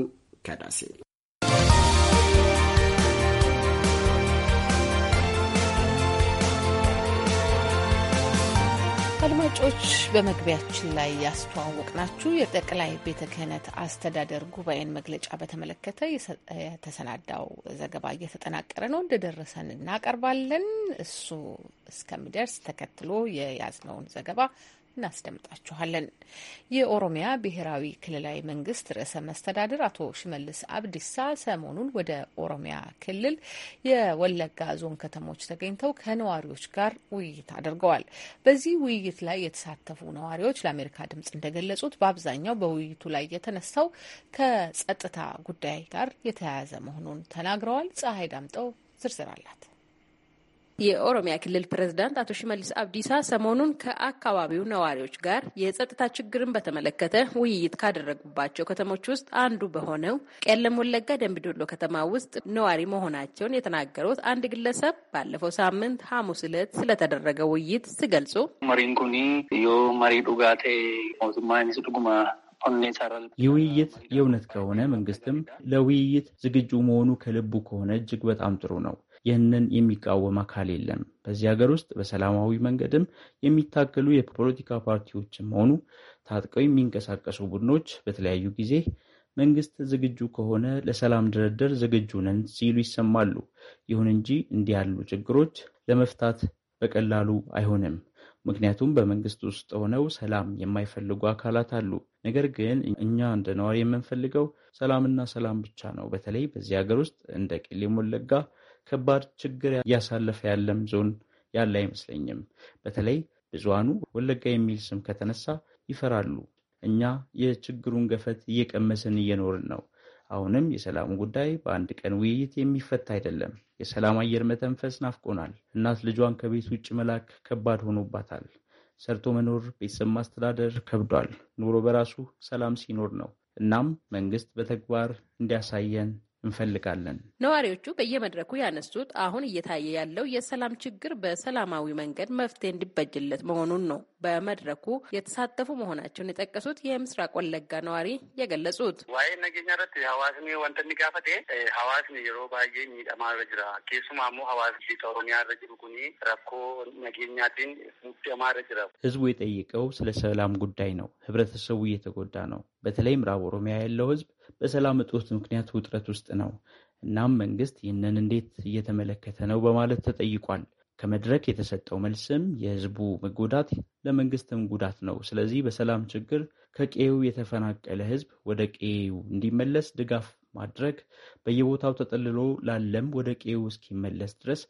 ከደሴ አድማጮች በመግቢያችን ላይ ያስተዋወቅናችሁ የጠቅላይ ቤተ ክህነት አስተዳደር ጉባኤን መግለጫ በተመለከተ የተሰናዳው ዘገባ እየተጠናቀረ ነው። እንደደረሰን እናቀርባለን። እሱ እስከሚደርስ ተከትሎ የያዝነውን ዘገባ እናስደምጣችኋለን። የኦሮሚያ ብሔራዊ ክልላዊ መንግስት ርዕሰ መስተዳድር አቶ ሽመልስ አብዲሳ ሰሞኑን ወደ ኦሮሚያ ክልል የወለጋ ዞን ከተሞች ተገኝተው ከነዋሪዎች ጋር ውይይት አድርገዋል። በዚህ ውይይት ላይ የተሳተፉ ነዋሪዎች ለአሜሪካ ድምጽ እንደገለጹት በአብዛኛው በውይይቱ ላይ የተነሳው ከጸጥታ ጉዳይ ጋር የተያያዘ መሆኑን ተናግረዋል። ፀሐይ ዳምጠው ዝርዝር አላት። የኦሮሚያ ክልል ፕሬዝዳንት አቶ ሽመልስ አብዲሳ ሰሞኑን ከአካባቢው ነዋሪዎች ጋር የጸጥታ ችግርን በተመለከተ ውይይት ካደረጉባቸው ከተሞች ውስጥ አንዱ በሆነው ቄለም ወለጋ ደምቢዶሎ ከተማ ውስጥ ነዋሪ መሆናቸውን የተናገሩት አንድ ግለሰብ ባለፈው ሳምንት ሐሙስ ዕለት ስለተደረገ ውይይት ሲገልጹ መሪንኩኒ ዮ መሪ ዱጋቴ ሞቱማ ኒስ ዱጉማ ይህ ውይይት የእውነት ከሆነ መንግስትም ለውይይት ዝግጁ መሆኑ ከልቡ ከሆነ እጅግ በጣም ጥሩ ነው። ይህንን የሚቃወም አካል የለም። በዚህ ሀገር ውስጥ በሰላማዊ መንገድም የሚታገሉ የፖለቲካ ፓርቲዎችም ሆኑ ታጥቀው የሚንቀሳቀሱ ቡድኖች በተለያዩ ጊዜ መንግስት ዝግጁ ከሆነ ለሰላም ድርድር ዝግጁ ነን ሲሉ ይሰማሉ። ይሁን እንጂ እንዲህ ያሉ ችግሮች ለመፍታት በቀላሉ አይሆንም። ምክንያቱም በመንግስት ውስጥ ሆነው ሰላም የማይፈልጉ አካላት አሉ። ነገር ግን እኛ እንደ ነዋሪ የምንፈልገው ሰላምና ሰላም ብቻ ነው። በተለይ በዚህ ሀገር ውስጥ እንደ ቄለም ወለጋ ከባድ ችግር እያሳለፈ ያለም ዞን ያለ አይመስለኝም። በተለይ ብዙሃኑ ወለጋ የሚል ስም ከተነሳ ይፈራሉ። እኛ የችግሩን ገፈት እየቀመስን እየኖርን ነው። አሁንም የሰላሙ ጉዳይ በአንድ ቀን ውይይት የሚፈታ አይደለም። የሰላም አየር መተንፈስ ናፍቆናል። እናት ልጇን ከቤት ውጭ መላክ ከባድ ሆኖባታል። ሰርቶ መኖር፣ ቤተሰብ ማስተዳደር ከብዷል። ኑሮ በራሱ ሰላም ሲኖር ነው። እናም መንግስት በተግባር እንዲያሳየን እንፈልጋለን። ነዋሪዎቹ በየመድረኩ ያነሱት አሁን እየታየ ያለው የሰላም ችግር በሰላማዊ መንገድ መፍትሄ እንዲበጅለት መሆኑን ነው በመድረኩ የተሳተፉ መሆናቸውን የጠቀሱት የምስራቅ ወለጋ ነዋሪ የገለጹት። ዋይ ነገኛረት ሀዋስኒ ወንተኒ ጋፈቴ ሀዋስኒ የሮ ባዬ ሚዳማ ረጅራ ኬሱማሞ ሀዋስ ሊጦሮኒያ ረጅሩ ጉኒ ረኮ ነገኛትን ሙዳማ ረጅራ ህዝቡ የጠየቀው ስለ ሰላም ጉዳይ ነው። ህብረተሰቡ እየተጎዳ ነው። በተለይ ምዕራብ ኦሮሚያ ያለው ህዝብ በሰላም እጦት ምክንያት ውጥረት ውስጥ ነው። እናም መንግስት ይህንን እንዴት እየተመለከተ ነው በማለት ተጠይቋል። ከመድረክ የተሰጠው መልስም የህዝቡ መጎዳት ለመንግስትም ጉዳት ነው። ስለዚህ በሰላም ችግር ከቄው የተፈናቀለ ህዝብ ወደ ቄው እንዲመለስ ድጋፍ ማድረግ፣ በየቦታው ተጠልሎ ላለም ወደ ቄው እስኪመለስ ድረስ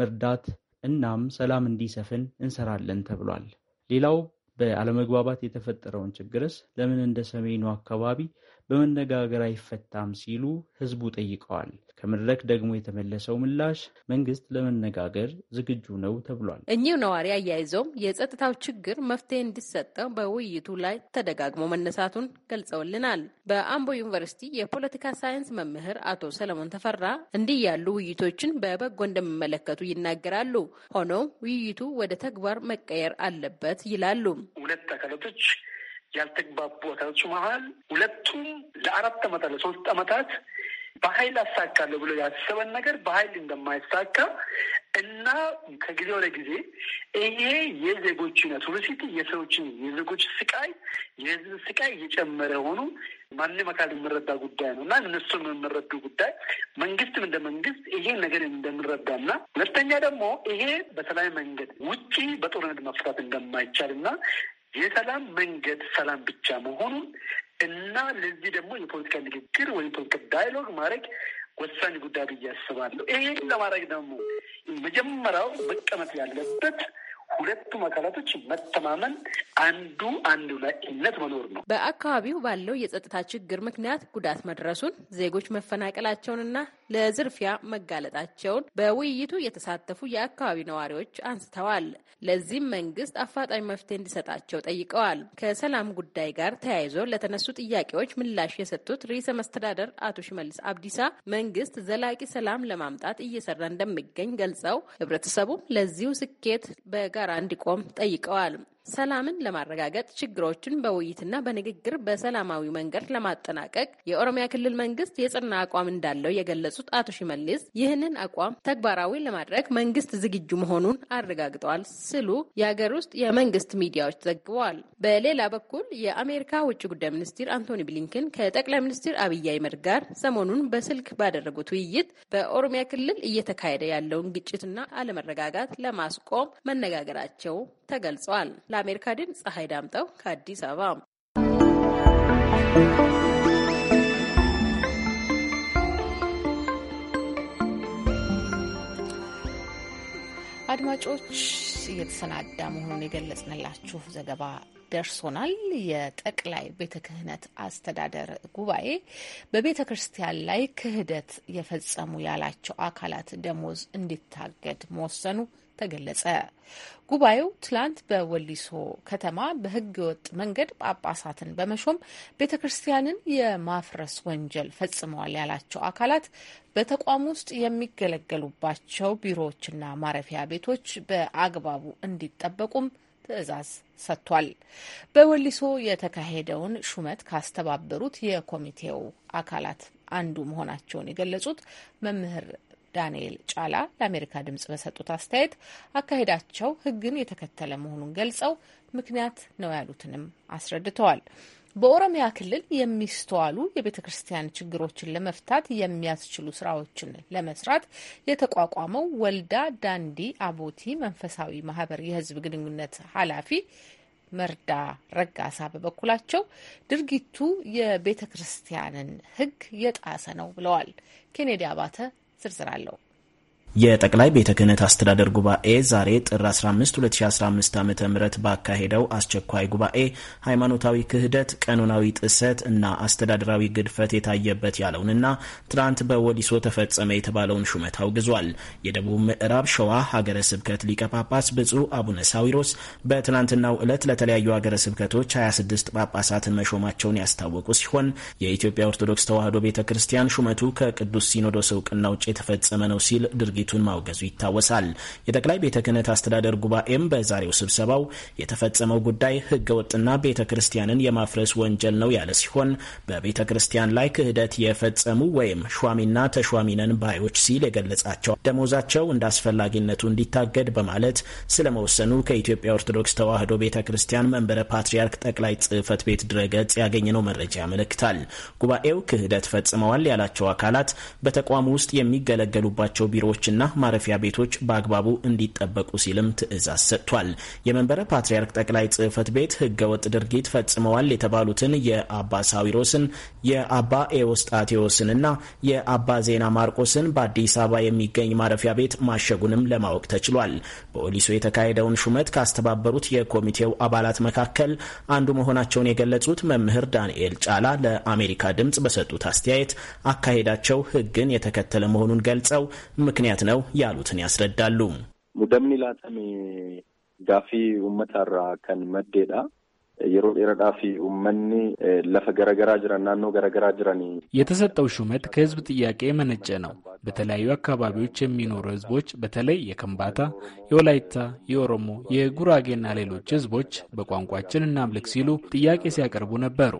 መርዳት እናም ሰላም እንዲሰፍን እንሰራለን ተብሏል። ሌላው በአለመግባባት የተፈጠረውን ችግርስ ለምን እንደ ሰሜኑ አካባቢ በመነጋገር አይፈታም ሲሉ ህዝቡ ጠይቀዋል። ከመድረክ ደግሞ የተመለሰው ምላሽ መንግስት ለመነጋገር ዝግጁ ነው ተብሏል። እኚሁ ነዋሪ አያይዘውም የጸጥታው ችግር መፍትሄ እንዲሰጠው በውይይቱ ላይ ተደጋግሞ መነሳቱን ገልጸውልናል። በአምቦ ዩኒቨርሲቲ የፖለቲካ ሳይንስ መምህር አቶ ሰለሞን ተፈራ እንዲህ ያሉ ውይይቶችን በበጎ እንደሚመለከቱ ይናገራሉ። ሆኖም ውይይቱ ወደ ተግባር መቀየር አለበት ይላሉ። ሁለት አካላቶች ያልተግባቡ አካላቶች መሀል ሁለቱም ለአራት ዓመታት ለሶስት ዓመታት በኃይል አሳካለሁ ብሎ ያሰበን ነገር በኃይል እንደማይሳካ እና ከጊዜ ወደ ጊዜ ይሄ የዜጎችን አትሮሲቲ የሰዎችን የዜጎች ስቃይ የህዝብ ስቃይ እየጨመረ ሆኑ ማንም አካል የምረዳ ጉዳይ ነው እና እነሱም የምረዱ ጉዳይ መንግስትም እንደ መንግስት ይሄ ነገር እንደምረዳ እና ሁለተኛ ደግሞ ይሄ በሰላማዊ መንገድ ውጪ በጦርነት መፍታት እንደማይቻል እና የሰላም መንገድ ሰላም ብቻ መሆኑን እና ለዚህ ደግሞ የፖለቲካ ንግግር ወይም ፖለቲካ ዳይሎግ ማድረግ ወሳኝ ጉዳይ ብዬ አስባለሁ። ይህን ለማድረግ ደግሞ መጀመሪያው መቀመጥ ያለበት ሁለቱም አካላቶች መተማመን አንዱ አንዱ ላይ መኖር ነው። በአካባቢው ባለው የጸጥታ ችግር ምክንያት ጉዳት መድረሱን፣ ዜጎች መፈናቀላቸውንና ለዝርፊያ መጋለጣቸውን በውይይቱ የተሳተፉ የአካባቢ ነዋሪዎች አንስተዋል። ለዚህም መንግስት አፋጣኝ መፍትሄ እንዲሰጣቸው ጠይቀዋል። ከሰላም ጉዳይ ጋር ተያይዞ ለተነሱ ጥያቄዎች ምላሽ የሰጡት ርዕሰ መስተዳደር አቶ ሽመልስ አብዲሳ መንግስት ዘላቂ ሰላም ለማምጣት እየሰራ እንደሚገኝ ገልጸው ህብረተሰቡም ለዚሁ ስኬት በጋ ጋር እንዲቆም ጠይቀዋል። ሰላምን ለማረጋገጥ ችግሮችን በውይይትና በንግግር በሰላማዊ መንገድ ለማጠናቀቅ የኦሮሚያ ክልል መንግስት የጽና አቋም እንዳለው የገለጹት አቶ ሽመልስ ይህንን አቋም ተግባራዊ ለማድረግ መንግስት ዝግጁ መሆኑን አረጋግጠዋል ስሉ የሀገር ውስጥ የመንግስት ሚዲያዎች ዘግበዋል። በሌላ በኩል የአሜሪካ ውጭ ጉዳይ ሚኒስትር አንቶኒ ብሊንከን ከጠቅላይ ሚኒስትር አብይ አህመድ ጋር ሰሞኑን በስልክ ባደረጉት ውይይት በኦሮሚያ ክልል እየተካሄደ ያለውን ግጭትና አለመረጋጋት ለማስቆም መነጋገራቸው ተገልጿል። ለአሜሪካ ድምፅ ፀሐይ ዳምጠው ከአዲስ አበባ። አድማጮች እየተሰናዳ መሆኑን የገለጽንላችሁ ዘገባ ደርሶናል። የጠቅላይ ቤተ ክህነት አስተዳደር ጉባኤ በቤተ ክርስቲያን ላይ ክህደት የፈጸሙ ያላቸው አካላት ደሞዝ እንዲታገድ መወሰኑ ተገለጸ። ጉባኤው ትላንት በወሊሶ ከተማ በህገ ወጥ መንገድ ጳጳሳትን በመሾም ቤተ ክርስቲያንን የማፍረስ ወንጀል ፈጽመዋል ያላቸው አካላት በተቋም ውስጥ የሚገለገሉባቸው ቢሮዎችና ማረፊያ ቤቶች በአግባቡ እንዲጠበቁም ትዕዛዝ ሰጥቷል። በወሊሶ የተካሄደውን ሹመት ካስተባበሩት የኮሚቴው አካላት አንዱ መሆናቸውን የገለጹት መምህር ዳንኤል ጫላ ለአሜሪካ ድምጽ በሰጡት አስተያየት አካሄዳቸው ህግን የተከተለ መሆኑን ገልጸው ምክንያት ነው ያሉትንም አስረድተዋል። በኦሮሚያ ክልል የሚስተዋሉ የቤተ ክርስቲያን ችግሮችን ለመፍታት የሚያስችሉ ስራዎችን ለመስራት የተቋቋመው ወልዳ ዳንዲ አቦቲ መንፈሳዊ ማህበር የህዝብ ግንኙነት ኃላፊ መርዳ ረጋሳ በበኩላቸው ድርጊቱ የቤተ ክርስቲያንን ህግ የጣሰ ነው ብለዋል። ኬኔዲ አባተ ዝርዝር አለው። የጠቅላይ ቤተ ክህነት አስተዳደር ጉባኤ ዛሬ ጥር 15 2015 ዓ ም ባካሄደው አስቸኳይ ጉባኤ ሃይማኖታዊ ክህደት፣ ቀኖናዊ ጥሰት እና አስተዳደራዊ ግድፈት የታየበት ያለውንና ትናንት በወሊሶ ተፈጸመ የተባለውን ሹመት አውግዟል። የደቡብ ምዕራብ ሸዋ ሀገረ ስብከት ሊቀ ጳጳስ ብፁዕ አቡነ ሳዊሮስ በትናንትናው ዕለት ለተለያዩ ሀገረ ስብከቶች 26 ጳጳሳትን መሾማቸውን ያስታወቁ ሲሆን የኢትዮጵያ ኦርቶዶክስ ተዋሕዶ ቤተ ክርስቲያን ሹመቱ ከቅዱስ ሲኖዶስ እውቅና ውጭ የተፈጸመ ነው ሲል ድርጊ ድርጊቱን ማውገዙ ይታወሳል። የጠቅላይ ቤተ ክህነት አስተዳደር ጉባኤም በዛሬው ስብሰባው የተፈጸመው ጉዳይ ህገወጥና ቤተ ክርስቲያንን የማፍረስ ወንጀል ነው ያለ ሲሆን በቤተ ክርስቲያን ላይ ክህደት የፈጸሙ ወይም ሿሚና ተሿሚነን ባዮች ሲል የገለጻቸው ደሞዛቸው እንደ አስፈላጊነቱ እንዲታገድ በማለት ስለመወሰኑ ከኢትዮጵያ ኦርቶዶክስ ተዋህዶ ቤተ ክርስቲያን መንበረ ፓትርያርክ ጠቅላይ ጽህፈት ቤት ድረገጽ ያገኘነው መረጃ ያመለክታል። ጉባኤው ክህደት ፈጽመዋል ያላቸው አካላት በተቋሙ ውስጥ የሚገለገሉባቸው ቢሮዎች ሆቴሎችና ማረፊያ ቤቶች በአግባቡ እንዲጠበቁ ሲልም ትዕዛዝ ሰጥቷል። የመንበረ ፓትርያርክ ጠቅላይ ጽህፈት ቤት ህገወጥ ድርጊት ፈጽመዋል የተባሉትን የአባ ሳዊሮስን፣ የአባ ኤዎስጣቴዎስንና የአባ ዜና ማርቆስን በአዲስ አበባ የሚገኝ ማረፊያ ቤት ማሸጉንም ለማወቅ ተችሏል። በኦሊሶ የተካሄደውን ሹመት ካስተባበሩት የኮሚቴው አባላት መካከል አንዱ መሆናቸውን የገለጹት መምህር ዳንኤል ጫላ ለአሜሪካ ድምጽ በሰጡት አስተያየት አካሄዳቸው ህግን የተከተለ መሆኑን ገልጸው ምክንያት ምክንያት ነው ያሉትን ያስረዳሉ። ሙደምኒ ላተሚ ጋፊ ውመታራ ከን መዴዳ የሮ ረዳፊ መኒ ለፈ ገረገራ ጅረን ናኖ ገረገራ ጅረኒ የተሰጠው ሹመት ከህዝብ ጥያቄ መነጨ ነው። በተለያዩ አካባቢዎች የሚኖሩ ህዝቦች በተለይ የከምባታ፣ የወላይታ፣ የኦሮሞ፣ የጉራጌና ሌሎች ህዝቦች በቋንቋችን እናምልክ ሲሉ ጥያቄ ሲያቀርቡ ነበሩ።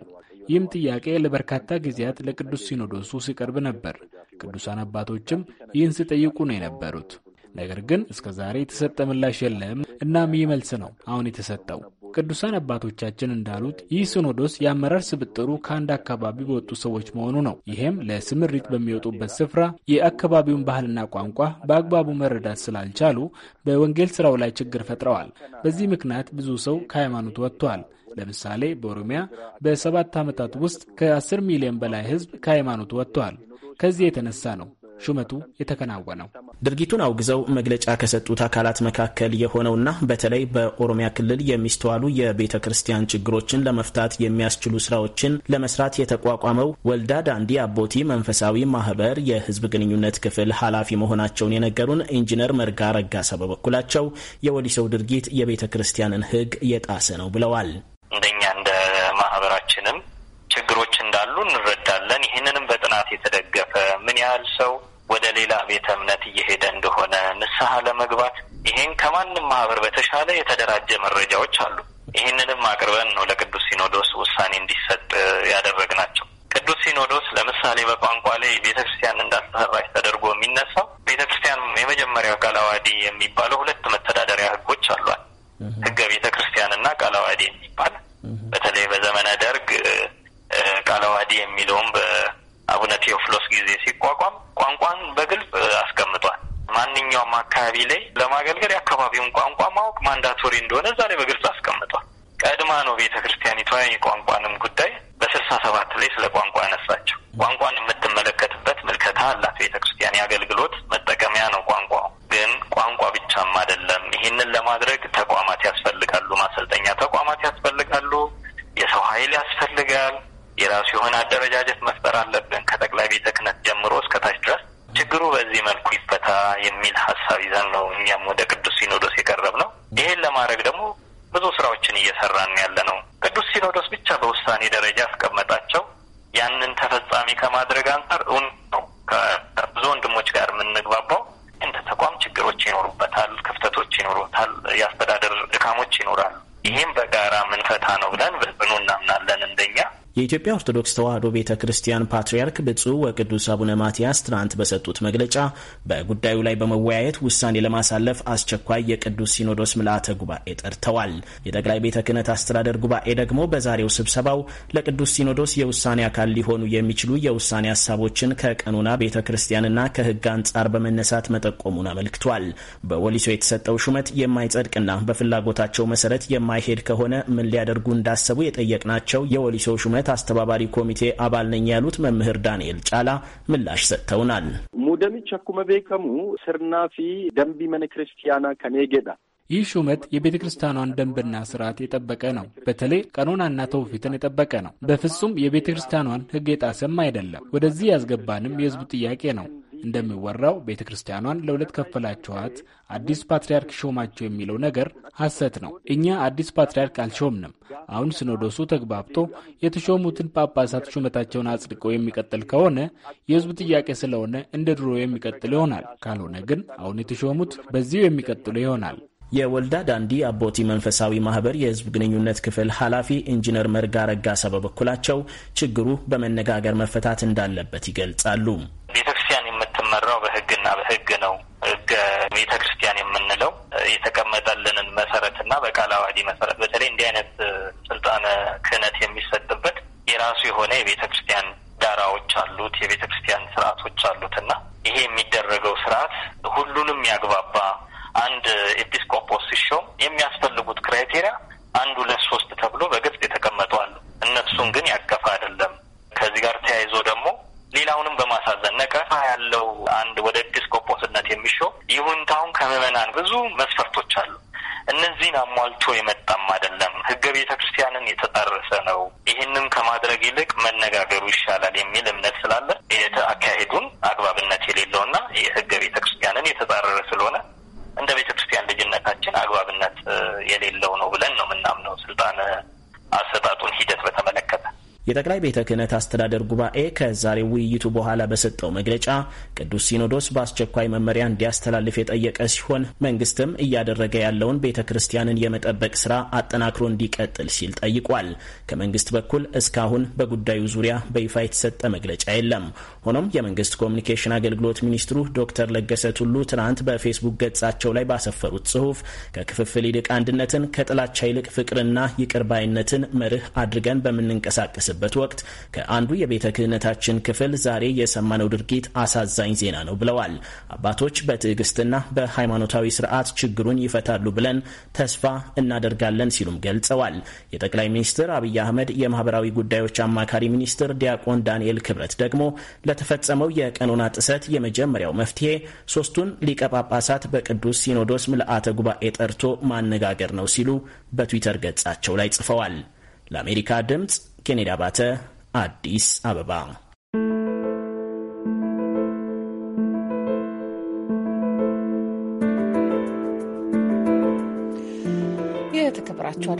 ይህም ጥያቄ ለበርካታ ጊዜያት ለቅዱስ ሲኖዶሱ ሲቀርብ ነበር። ቅዱሳን አባቶችም ይህን ሲጠይቁ ነው የነበሩት። ነገር ግን እስከ ዛሬ የተሰጠ ምላሽ የለም። እናም ይህ መልስ ነው አሁን የተሰጠው። ቅዱሳን አባቶቻችን እንዳሉት ይህ ሲኖዶስ የአመራር ስብጥሩ ከአንድ አካባቢ በወጡ ሰዎች መሆኑ ነው። ይህም ለስምሪት በሚወጡበት ስፍራ የአካባቢውን ባህልና ቋንቋ በአግባቡ መረዳት ስላልቻሉ በወንጌል ስራው ላይ ችግር ፈጥረዋል። በዚህ ምክንያት ብዙ ሰው ከሃይማኖት ወጥቷል። ለምሳሌ በኦሮሚያ በሰባት ዓመታት ውስጥ ከ10 ሚሊዮን በላይ ህዝብ ከሃይማኖት ወጥተዋል። ከዚህ የተነሳ ነው ሹመቱ የተከናወነው። ድርጊቱን አውግዘው መግለጫ ከሰጡት አካላት መካከል የሆነውና በተለይ በኦሮሚያ ክልል የሚስተዋሉ የቤተ ክርስቲያን ችግሮችን ለመፍታት የሚያስችሉ ስራዎችን ለመስራት የተቋቋመው ወልዳ ዳንዲ አቦቲ መንፈሳዊ ማህበር የህዝብ ግንኙነት ክፍል ኃላፊ መሆናቸውን የነገሩን ኢንጂነር መርጋ ረጋሳ በበኩላቸው የወሊሶው ድርጊት የቤተ ክርስቲያንን ህግ የጣሰ ነው ብለዋል። እንደኛ እንደ ማህበራችንም ችግሮች እንዳሉ እንረዳለን። ይህንንም በጥናት የተደገፈ ምን ያህል ሰው ወደ ሌላ ቤተ እምነት እየሄደ እንደሆነ ንስሐ ለመግባት ይሄን ከማንም ማህበር በተሻለ የተደራጀ መረጃዎች አሉ። ይህንንም አቅርበን ነው ለቅዱስ ሲኖዶስ ውሳኔ እንዲሰጥ ያደረግናቸው። ቅዱስ ሲኖዶስ ለምሳሌ በቋንቋ ላይ ቤተ ክርስቲያን እንዳስተሰራች ተደርጎ የሚነሳው ቤተ ክርስቲያን የመጀመሪያው ቃል አዋዲ የሚባለው ሁለት መተዳደሪያ ህጎች አሏል። ህገ ቤተ ክርስቲያንና ቃለዋዲ የሚባል በተለይ በዘመነ ደርግ ዋዲ የሚለውም በአቡነ ቴዎፍሎስ ጊዜ ሲቋቋም ቋንቋን በግልጽ አስቀምጧል። ማንኛውም አካባቢ ላይ ለማገልገል የአካባቢውን ቋንቋ ማወቅ ማንዳቶሪ እንደሆነ እዛ ላይ በግልጽ አስቀምጧል። ቀድማ ነው ቤተ ክርስቲያኒቷ የቋንቋንም ጉዳይ በስልሳ ሰባት ላይ ስለ ቋንቋ ያነሳቸው። ቋንቋን የምትመለከትበት ምልከታ አላት ቤተ ክርስቲያን። የአገልግሎት መጠቀሚያ ነው ቋንቋ። ግን ቋንቋ ብቻም አይደለም አደረጃጀት መፍጠር አለ የኢትዮጵያ ኦርቶዶክስ ተዋሕዶ ቤተ ክርስቲያን ፓትርያርክ ብፁዕ ወቅዱስ አቡነ ማትያስ ትናንት በሰጡት መግለጫ በጉዳዩ ላይ በመወያየት ውሳኔ ለማሳለፍ አስቸኳይ የቅዱስ ሲኖዶስ ምልአተ ጉባኤ ጠርተዋል። የጠቅላይ ቤተ ክህነት አስተዳደር ጉባኤ ደግሞ በዛሬው ስብሰባው ለቅዱስ ሲኖዶስ የውሳኔ አካል ሊሆኑ የሚችሉ የውሳኔ ሀሳቦችን ከቀኖና ቤተ ክርስቲያንና ከሕግ አንጻር በመነሳት መጠቆሙን አመልክቷል። በወሊሶ የተሰጠው ሹመት የማይጸድቅና በፍላጎታቸው መሰረት የማይሄድ ከሆነ ምን ሊያደርጉ እንዳሰቡ የጠየቅናቸው የወሊሶ ሹመት አስተባባሪ ኮሚቴ አባል ነኝ ያሉት መምህር ዳንኤል ጫላ ምላሽ ሰጥተውናል። ሙደሚች አኩመ ቤከሙ ስርናፊ ደንቢ መነ ክርስቲያና ከኔጌዳ ይህ ሹመት የቤተ ክርስቲያኗን ደንብና ስርዓት የጠበቀ ነው። በተለይ ቀኖናና ተውፊትን የጠበቀ ነው። በፍጹም የቤተ ክርስቲያኗን ሕግ የጣሰም አይደለም። ወደዚህ ያስገባንም የሕዝቡ ጥያቄ ነው። እንደሚወራው ቤተ ክርስቲያኗን ለሁለት ከፈላችኋት፣ አዲስ ፓትርያርክ ሾማቸው የሚለው ነገር ሐሰት ነው። እኛ አዲስ ፓትርያርክ አልሾምንም። አሁን ሲኖዶሱ ተግባብቶ የተሾሙትን ጳጳሳት ሹመታቸውን አጽድቆ የሚቀጥል ከሆነ የሕዝብ ጥያቄ ስለሆነ እንደ ድሮ የሚቀጥል ይሆናል። ካልሆነ ግን አሁን የተሾሙት በዚሁ የሚቀጥሉ ይሆናል። የወልዳ ዳንዲ አቦቲ መንፈሳዊ ማህበር የህዝብ ግንኙነት ክፍል ኃላፊ ኢንጂነር መርጋ ረጋሳ በበኩላቸው ችግሩ በመነጋገር መፈታት እንዳለበት ይገልጻሉ። የምንመራው በህግና በህግ ነው። ህገ ቤተ ክርስቲያን የምንለው የተቀመጠልንን መሰረትና በቃለ አዋዲ መሰረት በተለይ እንዲህ አይነት ስልጣነ ክህነት የሚሰጥበት የራሱ የሆነ የቤተ ክርስቲያን ዳራዎች አሉት፣ የቤተ ክርስቲያን ስርዓቶች አሉት እና ይሄ የሚደረገው ስርዓት ሁሉንም ያግባባ አንድ ኤጲስቆጶስ ሲሾም የሚያስፈልጉት ክራይቴሪያ አንድ ሁለት ሶስት ተብሎ በግልጽ የተቀመጡ አሉ። እነሱን ግን ያቀፈ አይደለም። ከዚህ ጋር ተያይዞ ደግሞ ሌላውንም በማሳዘን ነቀፋ ያለው አንድ ወደ ኤጲስቆጶስነት የሚሾም ይሁንታውን ከምዕመናን ብዙ መስፈርቶች አሉ። እነዚህን አሟልቶ የመጣም አይደለም። ሕገ ቤተ ክርስቲያንን የተጣረሰ ነው። ይህንም ከማድረግ ይልቅ መነጋገሩ ይሻላል የሚል እምነት ስላለ አካሄዱን አግባብነት የሌለውና የሕገ ቤተ ክርስቲያንን የተጻረረ ስለሆነ እንደ ቤተ ክርስቲያን ልጅነታችን አግባብነት የሌለው ነው ብለን ነው የምናምነው። ስልጣን አሰጣጡን ሂደት በታ የጠቅላይ ቤተ ክህነት አስተዳደር ጉባኤ ከዛሬ ውይይቱ በኋላ በሰጠው መግለጫ ቅዱስ ሲኖዶስ በአስቸኳይ መመሪያ እንዲያስተላልፍ የጠየቀ ሲሆን መንግስትም እያደረገ ያለውን ቤተ ክርስቲያንን የመጠበቅ ስራ አጠናክሮ እንዲቀጥል ሲል ጠይቋል። ከመንግስት በኩል እስካሁን በጉዳዩ ዙሪያ በይፋ የተሰጠ መግለጫ የለም። ሆኖም የመንግስት ኮሚኒኬሽን አገልግሎት ሚኒስትሩ ዶክተር ለገሰ ቱሉ ትናንት በፌስቡክ ገጻቸው ላይ ባሰፈሩት ጽሁፍ ከክፍፍል ይልቅ አንድነትን፣ ከጥላቻ ይልቅ ፍቅርና ይቅርባይነትን መርህ አድርገን በምንንቀሳቀስበት ወቅት ከአንዱ የቤተ ክህነታችን ክፍል ዛሬ የሰማነው ድርጊት አሳዛኝ ዜና ነው ብለዋል። አባቶች በትዕግስትና በሃይማኖታዊ ስርዓት ችግሩን ይፈታሉ ብለን ተስፋ እናደርጋለን ሲሉም ገልጸዋል። የጠቅላይ ሚኒስትር አብይ አህመድ የማህበራዊ ጉዳዮች አማካሪ ሚኒስትር ዲያቆን ዳንኤል ክብረት ደግሞ ለተፈጸመው የቀኖና ጥሰት የመጀመሪያው መፍትሄ ሶስቱን ሊቀ ጳጳሳት በቅዱስ ሲኖዶስ ምልአተ ጉባኤ ጠርቶ ማነጋገር ነው ሲሉ በትዊተር ገጻቸው ላይ ጽፈዋል። ለአሜሪካ ድምፅ ኬኔዲ አባተ አዲስ አበባ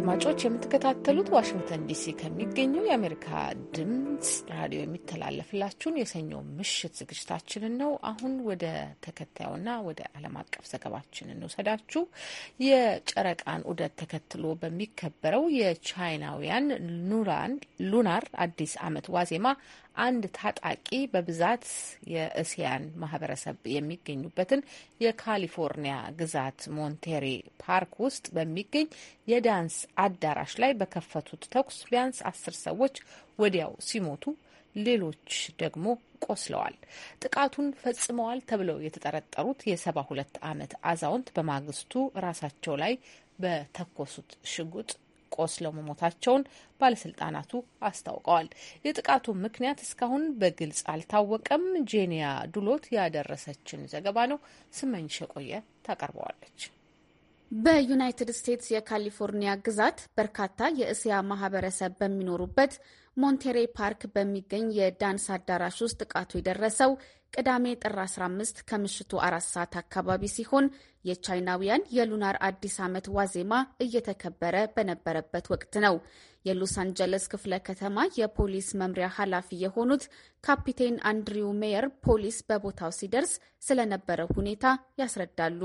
አድማጮች የምትከታተሉት ዋሽንግተን ዲሲ ከሚገኘው የአሜሪካ ድምፅ ራዲዮ የሚተላለፍላችሁን የሰኞ ምሽት ዝግጅታችንን ነው። አሁን ወደ ተከታዩና ወደ ዓለም አቀፍ ዘገባችን እንውሰዳችሁ። የጨረቃን ዑደት ተከትሎ በሚከበረው የቻይናውያን ሉናር አዲስ ዓመት ዋዜማ አንድ ታጣቂ በብዛት የእስያን ማህበረሰብ የሚገኙበትን የካሊፎርኒያ ግዛት ሞንቴሬ ፓርክ ውስጥ በሚገኝ የዳንስ አዳራሽ ላይ በከፈቱት ተኩስ ቢያንስ አስር ሰዎች ወዲያው ሲሞቱ ሌሎች ደግሞ ቆስለዋል። ጥቃቱን ፈጽመዋል ተብለው የተጠረጠሩት የሰባ ሁለት ዓመት አዛውንት በማግስቱ ራሳቸው ላይ በተኮሱት ሽጉጥ ቆስለው መሞታቸውን ባለስልጣናቱ አስታውቀዋል። የጥቃቱ ምክንያት እስካሁን በግልጽ አልታወቀም። ጄኒያ ዱሎት ያደረሰችን ዘገባ ነው። ስመኝሽ የቆየ ታቀርበዋለች። በዩናይትድ ስቴትስ የካሊፎርኒያ ግዛት በርካታ የእስያ ማህበረሰብ በሚኖሩበት ሞንቴሬ ፓርክ በሚገኝ የዳንስ አዳራሽ ውስጥ ጥቃቱ የደረሰው ቅዳሜ ጥር 15 ከምሽቱ አራት ሰዓት አካባቢ ሲሆን የቻይናውያን የሉናር አዲስ ዓመት ዋዜማ እየተከበረ በነበረበት ወቅት ነው። የሎስ አንጀለስ ክፍለ ከተማ የፖሊስ መምሪያ ኃላፊ የሆኑት ካፒቴን አንድሪው ሜየር ፖሊስ በቦታው ሲደርስ ስለነበረው ሁኔታ ያስረዳሉ።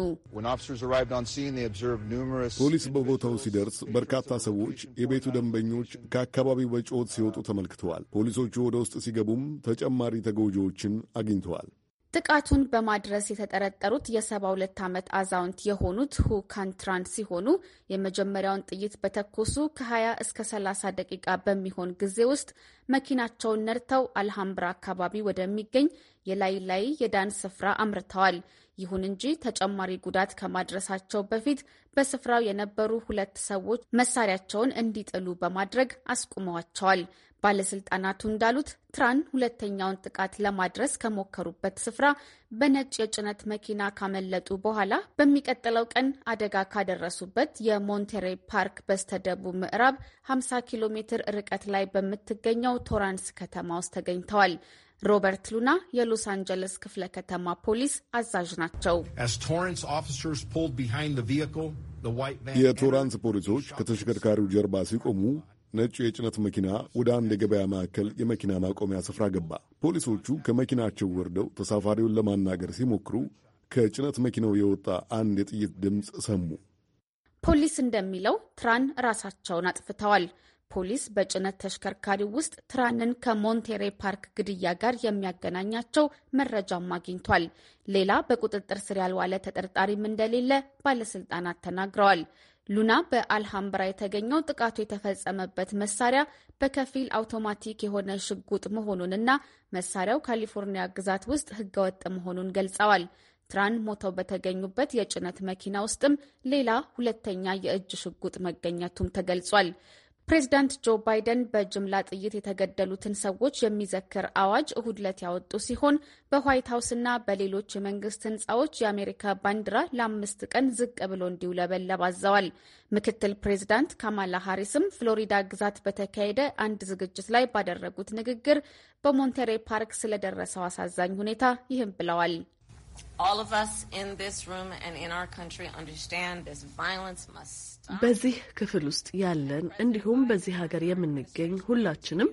ፖሊስ በቦታው ሲደርስ በርካታ ሰዎች፣ የቤቱ ደንበኞች ከአካባቢው በጩኸት ሲወጡ ሲያጡ ተመልክተዋል። ፖሊሶቹ ወደ ውስጥ ሲገቡም ተጨማሪ ተጎጂዎችን አግኝተዋል። ጥቃቱን በማድረስ የተጠረጠሩት የሰባ ሁለት ዓመት አዛውንት የሆኑት ሁ ካንትራን ሲሆኑ የመጀመሪያውን ጥይት በተኮሱ ከ20 እስከ 30 ደቂቃ በሚሆን ጊዜ ውስጥ መኪናቸውን ነድተው አልሃምብራ አካባቢ ወደሚገኝ የላይ ላይ የዳን ስፍራ አምርተዋል። ይሁን እንጂ ተጨማሪ ጉዳት ከማድረሳቸው በፊት በስፍራው የነበሩ ሁለት ሰዎች መሳሪያቸውን እንዲጥሉ በማድረግ አስቁመዋቸዋል። ባለስልጣናቱ እንዳሉት ትራን ሁለተኛውን ጥቃት ለማድረስ ከሞከሩበት ስፍራ በነጭ የጭነት መኪና ካመለጡ በኋላ በሚቀጥለው ቀን አደጋ ካደረሱበት የሞንቴሬ ፓርክ በስተደቡብ ምዕራብ 50 ኪሎ ሜትር ርቀት ላይ በምትገኘው ቶራንስ ከተማ ውስጥ ተገኝተዋል። ሮበርት ሉና የሎስ አንጀለስ ክፍለ ከተማ ፖሊስ አዛዥ ናቸው። የቶራንስ ፖሊሶች ከተሽከርካሪው ጀርባ ሲቆሙ ነጩ የጭነት መኪና ወደ አንድ የገበያ ማዕከል የመኪና ማቆሚያ ስፍራ ገባ። ፖሊሶቹ ከመኪናቸው ወርደው ተሳፋሪውን ለማናገር ሲሞክሩ ከጭነት መኪናው የወጣ አንድ የጥይት ድምፅ ሰሙ። ፖሊስ እንደሚለው ትራን ራሳቸውን አጥፍተዋል። ፖሊስ በጭነት ተሽከርካሪ ውስጥ ትራንን ከሞንቴሬ ፓርክ ግድያ ጋር የሚያገናኛቸው መረጃም አግኝቷል። ሌላ በቁጥጥር ስር ያልዋለ ተጠርጣሪም እንደሌለ ባለስልጣናት ተናግረዋል። ሉና በአልሃምብራ የተገኘው ጥቃቱ የተፈጸመበት መሳሪያ በከፊል አውቶማቲክ የሆነ ሽጉጥ መሆኑንና መሳሪያው ካሊፎርኒያ ግዛት ውስጥ ህገወጥ መሆኑን ገልጸዋል። ትራን ሞተው በተገኙበት የጭነት መኪና ውስጥም ሌላ ሁለተኛ የእጅ ሽጉጥ መገኘቱም ተገልጿል። ፕሬዚዳንት ጆ ባይደን በጅምላ ጥይት የተገደሉትን ሰዎች የሚዘክር አዋጅ እሁድ ዕለት ያወጡ ሲሆን በዋይት ሀውስና በሌሎች የመንግስት ህንፃዎች የአሜሪካ ባንዲራ ለአምስት ቀን ዝቅ ብሎ እንዲውለበለብ አዘዋል። ምክትል ፕሬዚዳንት ካማላ ሀሪስም ፍሎሪዳ ግዛት በተካሄደ አንድ ዝግጅት ላይ ባደረጉት ንግግር በሞንተሬይ ፓርክ ስለደረሰው አሳዛኝ ሁኔታ ይህም ብለዋል። በዚህ ክፍል ውስጥ ያለን እንዲሁም በዚህ ሀገር የምንገኝ ሁላችንም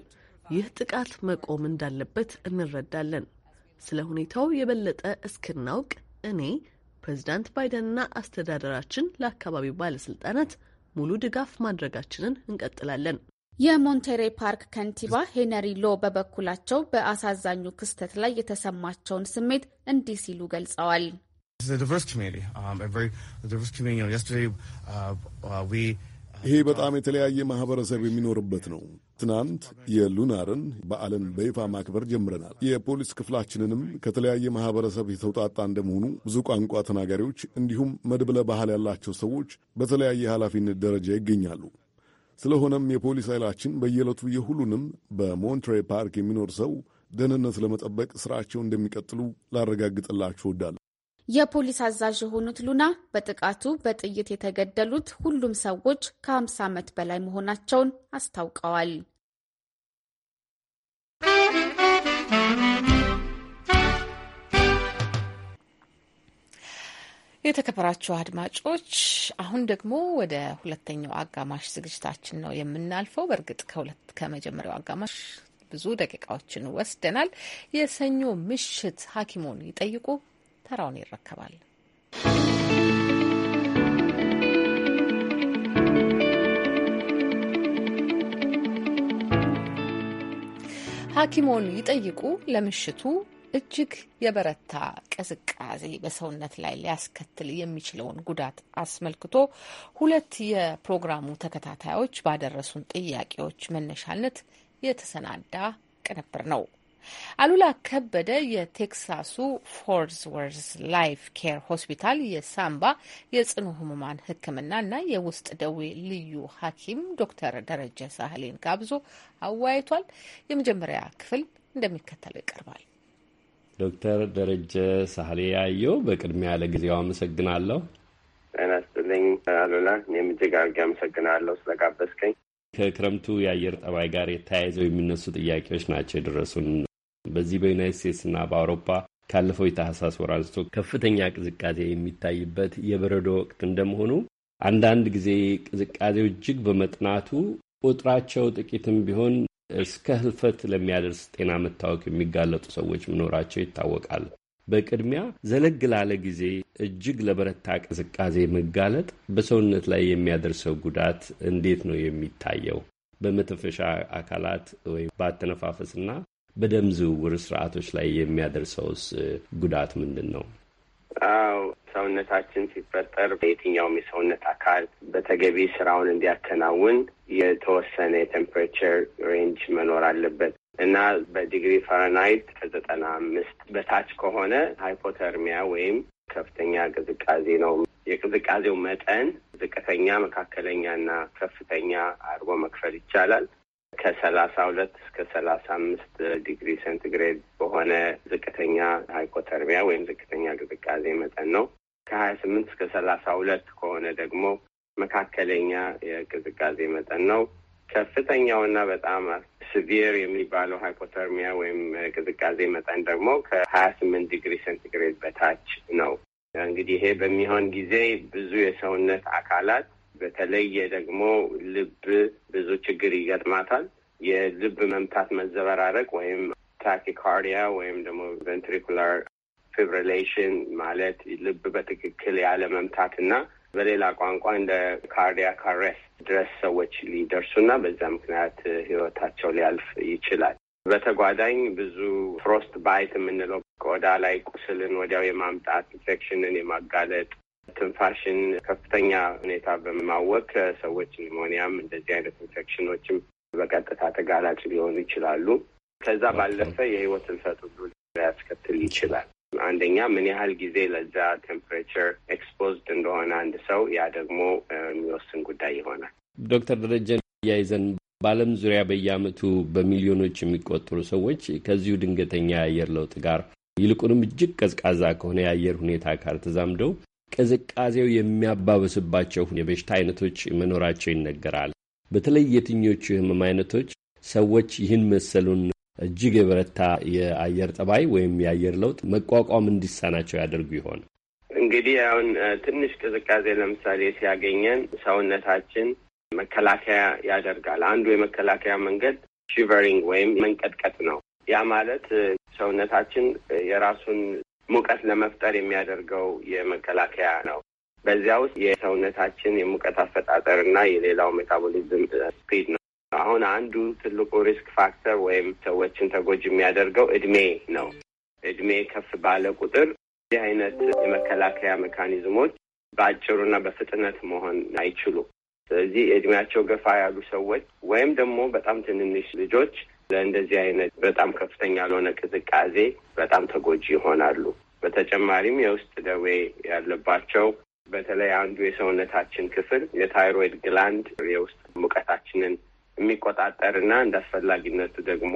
ይህ ጥቃት መቆም እንዳለበት እንረዳለን። ስለ ሁኔታው የበለጠ እስክናውቅ እኔ ፕሬዚዳንት ባይደንና አስተዳደራችን ለአካባቢው ባለስልጣናት ሙሉ ድጋፍ ማድረጋችንን እንቀጥላለን። የሞንቴሬ ፓርክ ከንቲባ ሄነሪ ሎ በበኩላቸው በአሳዛኙ ክስተት ላይ የተሰማቸውን ስሜት እንዲህ ሲሉ ገልጸዋል። um, uh, uh, uh, ይሄ በጣም የተለያየ ማህበረሰብ የሚኖርበት ነው። ትናንት የሉናርን በዓልን በይፋ ማክበር ጀምረናል። የፖሊስ ክፍላችንንም ከተለያየ ማህበረሰብ የተውጣጣ እንደመሆኑ ብዙ ቋንቋ ተናጋሪዎች እንዲሁም መድብለ ባህል ያላቸው ሰዎች በተለያየ ኃላፊነት ደረጃ ይገኛሉ። ስለሆነም የፖሊስ ኃይላችን በየዕለቱ የሁሉንም በሞንትሬ ፓርክ የሚኖር ሰው ደህንነት ለመጠበቅ ስራቸውን እንደሚቀጥሉ ላረጋግጥላችሁ ወዳለሁ። የፖሊስ አዛዥ የሆኑት ሉና በጥቃቱ በጥይት የተገደሉት ሁሉም ሰዎች ከ50 ዓመት በላይ መሆናቸውን አስታውቀዋል። የተከበራችሁ አድማጮች አሁን ደግሞ ወደ ሁለተኛው አጋማሽ ዝግጅታችን ነው የምናልፈው። በእርግጥ ከሁለት ከመጀመሪያው አጋማሽ ብዙ ደቂቃዎችን ወስደናል። የሰኞ ምሽት ሐኪሙን ይጠይቁ ተራውን ይረከባል። ሐኪሙን ይጠይቁ ለምሽቱ እጅግ የበረታ ቅዝቃዜ በሰውነት ላይ ሊያስከትል የሚችለውን ጉዳት አስመልክቶ ሁለት የፕሮግራሙ ተከታታዮች ባደረሱን ጥያቄዎች መነሻነት የተሰናዳ ቅንብር ነው። አሉላ ከበደ የቴክሳሱ ፎርዝወርዝ ላይፍ ኬር ሆስፒታል የሳምባ የጽኑ ህሙማን እና የውስጥ ደዌ ልዩ ሐኪም ዶክተር ደረጀ ሳህሌን ጋብዞ አወያይቷል። የመጀመሪያ ክፍል እንደሚከተለው ይቀርባል። ዶክተር ደረጀ ሳህሌ ያየው በቅድሚያ ለጊዜው አመሰግናለሁ። ጤና ይስጥልኝ አሉላ። እኔም እጅግ አድርጌ አመሰግናለሁ ስለጋበዝከኝ። ከክረምቱ የአየር ጠባይ ጋር የተያይዘው የሚነሱ ጥያቄዎች ናቸው የደረሱን። በዚህ በዩናይት ስቴትስና በአውሮፓ ካለፈው የታህሳስ ወር አንስቶ ከፍተኛ ቅዝቃዜ የሚታይበት የበረዶ ወቅት እንደመሆኑ አንዳንድ ጊዜ ቅዝቃዜው እጅግ በመጥናቱ ቁጥራቸው ጥቂትም ቢሆን እስከ ህልፈት ለሚያደርስ ጤና መታወክ የሚጋለጡ ሰዎች መኖራቸው ይታወቃል። በቅድሚያ ዘለግ ላለ ጊዜ እጅግ ለበረታ ቅዝቃዜ መጋለጥ በሰውነት ላይ የሚያደርሰው ጉዳት እንዴት ነው የሚታየው? በመተፈሻ አካላት ወይም በአተነፋፈስና በደም ዝውውር ስርዓቶች ላይ የሚያደርሰውስ ጉዳት ምንድን ነው? አዎ ሰውነታችን ሲፈጠር በየትኛውም የሰውነት አካል በተገቢ ስራውን እንዲያከናውን የተወሰነ የቴምፕሬቸር ሬንጅ መኖር አለበት እና በዲግሪ ፈረናይት ከዘጠና አምስት በታች ከሆነ ሃይፖተርሚያ ወይም ከፍተኛ ቅዝቃዜ ነው። የቅዝቃዜው መጠን ዝቅተኛ፣ መካከለኛ እና ከፍተኛ አድርጎ መክፈል ይቻላል። ከሰላሳ ሁለት እስከ ሰላሳ አምስት ዲግሪ ሴንቲግሬድ በሆነ ዝቅተኛ ሃይኮተርሚያ ወይም ዝቅተኛ ቅዝቃዜ መጠን ነው። ከሀያ ስምንት እስከ ሰላሳ ሁለት ከሆነ ደግሞ መካከለኛ የቅዝቃዜ መጠን ነው። ከፍተኛውና በጣም ሲቪየር የሚባለው ሃይፖተርሚያ ወይም ቅዝቃዜ መጠን ደግሞ ከሀያ ስምንት ዲግሪ ሴንቲግሬድ በታች ነው። እንግዲህ ይሄ በሚሆን ጊዜ ብዙ የሰውነት አካላት በተለየ ደግሞ ልብ ብዙ ችግር ይገጥማታል። የልብ መምታት መዘበራረቅ ወይም ታኪካርዲያ ወይም ደግሞ ቬንትሪኩላር ፊብሪሌሽን ማለት ልብ በትክክል ያለ መምታት እና በሌላ ቋንቋ እንደ ካርዲያክ አሬስት ድረስ ሰዎች ሊደርሱና በዛ ምክንያት ህይወታቸው ሊያልፍ ይችላል። በተጓዳኝ ብዙ ፍሮስት ባይት የምንለው ቆዳ ላይ ቁስልን ወዲያው የማምጣት ኢንፌክሽንን የማጋለጥ ትንፋሽን ከፍተኛ ሁኔታ በማወቅ ሰዎች ኒሞኒያም እንደዚህ አይነት ኢንፌክሽኖችም በቀጥታ ተጋላጭ ሊሆኑ ይችላሉ። ከዛ ባለፈ የህይወት ህልፈት ሁሉ ሊያስከትል ይችላል። አንደኛ ምን ያህል ጊዜ ለዛ ቴምፕሬቸር ኤክስፖዝድ እንደሆነ አንድ ሰው፣ ያ ደግሞ የሚወስን ጉዳይ ይሆናል። ዶክተር ደረጀ ያይዘን በዓለም ዙሪያ በየአመቱ በሚሊዮኖች የሚቆጠሩ ሰዎች ከዚሁ ድንገተኛ የአየር ለውጥ ጋር ይልቁንም እጅግ ቀዝቃዛ ከሆነ የአየር ሁኔታ ጋር ተዛምደው ቅዝቃዜው የሚያባብስባቸው የበሽታ አይነቶች መኖራቸው ይነገራል። በተለይ የትኞቹ የህመም አይነቶች ሰዎች ይህን መሰሉን እጅግ የበረታ የአየር ጠባይ ወይም የአየር ለውጥ መቋቋም እንዲሳናቸው ያደርጉ ይሆን? እንግዲህ አሁን ትንሽ ቅዝቃዜ ለምሳሌ ሲያገኘን ሰውነታችን መከላከያ ያደርጋል። አንዱ የመከላከያ መንገድ ሺቨሪንግ ወይም መንቀጥቀጥ ነው። ያ ማለት ሰውነታችን የራሱን ሙቀት ለመፍጠር የሚያደርገው የመከላከያ ነው። በዚያ ውስጥ የሰውነታችን የሙቀት አፈጣጠር እና የሌላው ሜታቦሊዝም ስፒድ ነው። አሁን አንዱ ትልቁ ሪስክ ፋክተር ወይም ሰዎችን ተጎጂ የሚያደርገው እድሜ ነው። እድሜ ከፍ ባለ ቁጥር እዚህ አይነት የመከላከያ ሜካኒዝሞች በአጭሩና በፍጥነት መሆን አይችሉም። ስለዚህ እድሜያቸው ገፋ ያሉ ሰዎች ወይም ደግሞ በጣም ትንንሽ ልጆች ለእንደዚህ አይነት በጣም ከፍተኛ ለሆነ ቅዝቃዜ በጣም ተጎጂ ይሆናሉ። በተጨማሪም የውስጥ ደዌ ያለባቸው በተለይ አንዱ የሰውነታችን ክፍል የታይሮይድ ግላንድ የውስጥ ሙቀታችንን የሚቆጣጠር እና እንደ አስፈላጊነቱ ደግሞ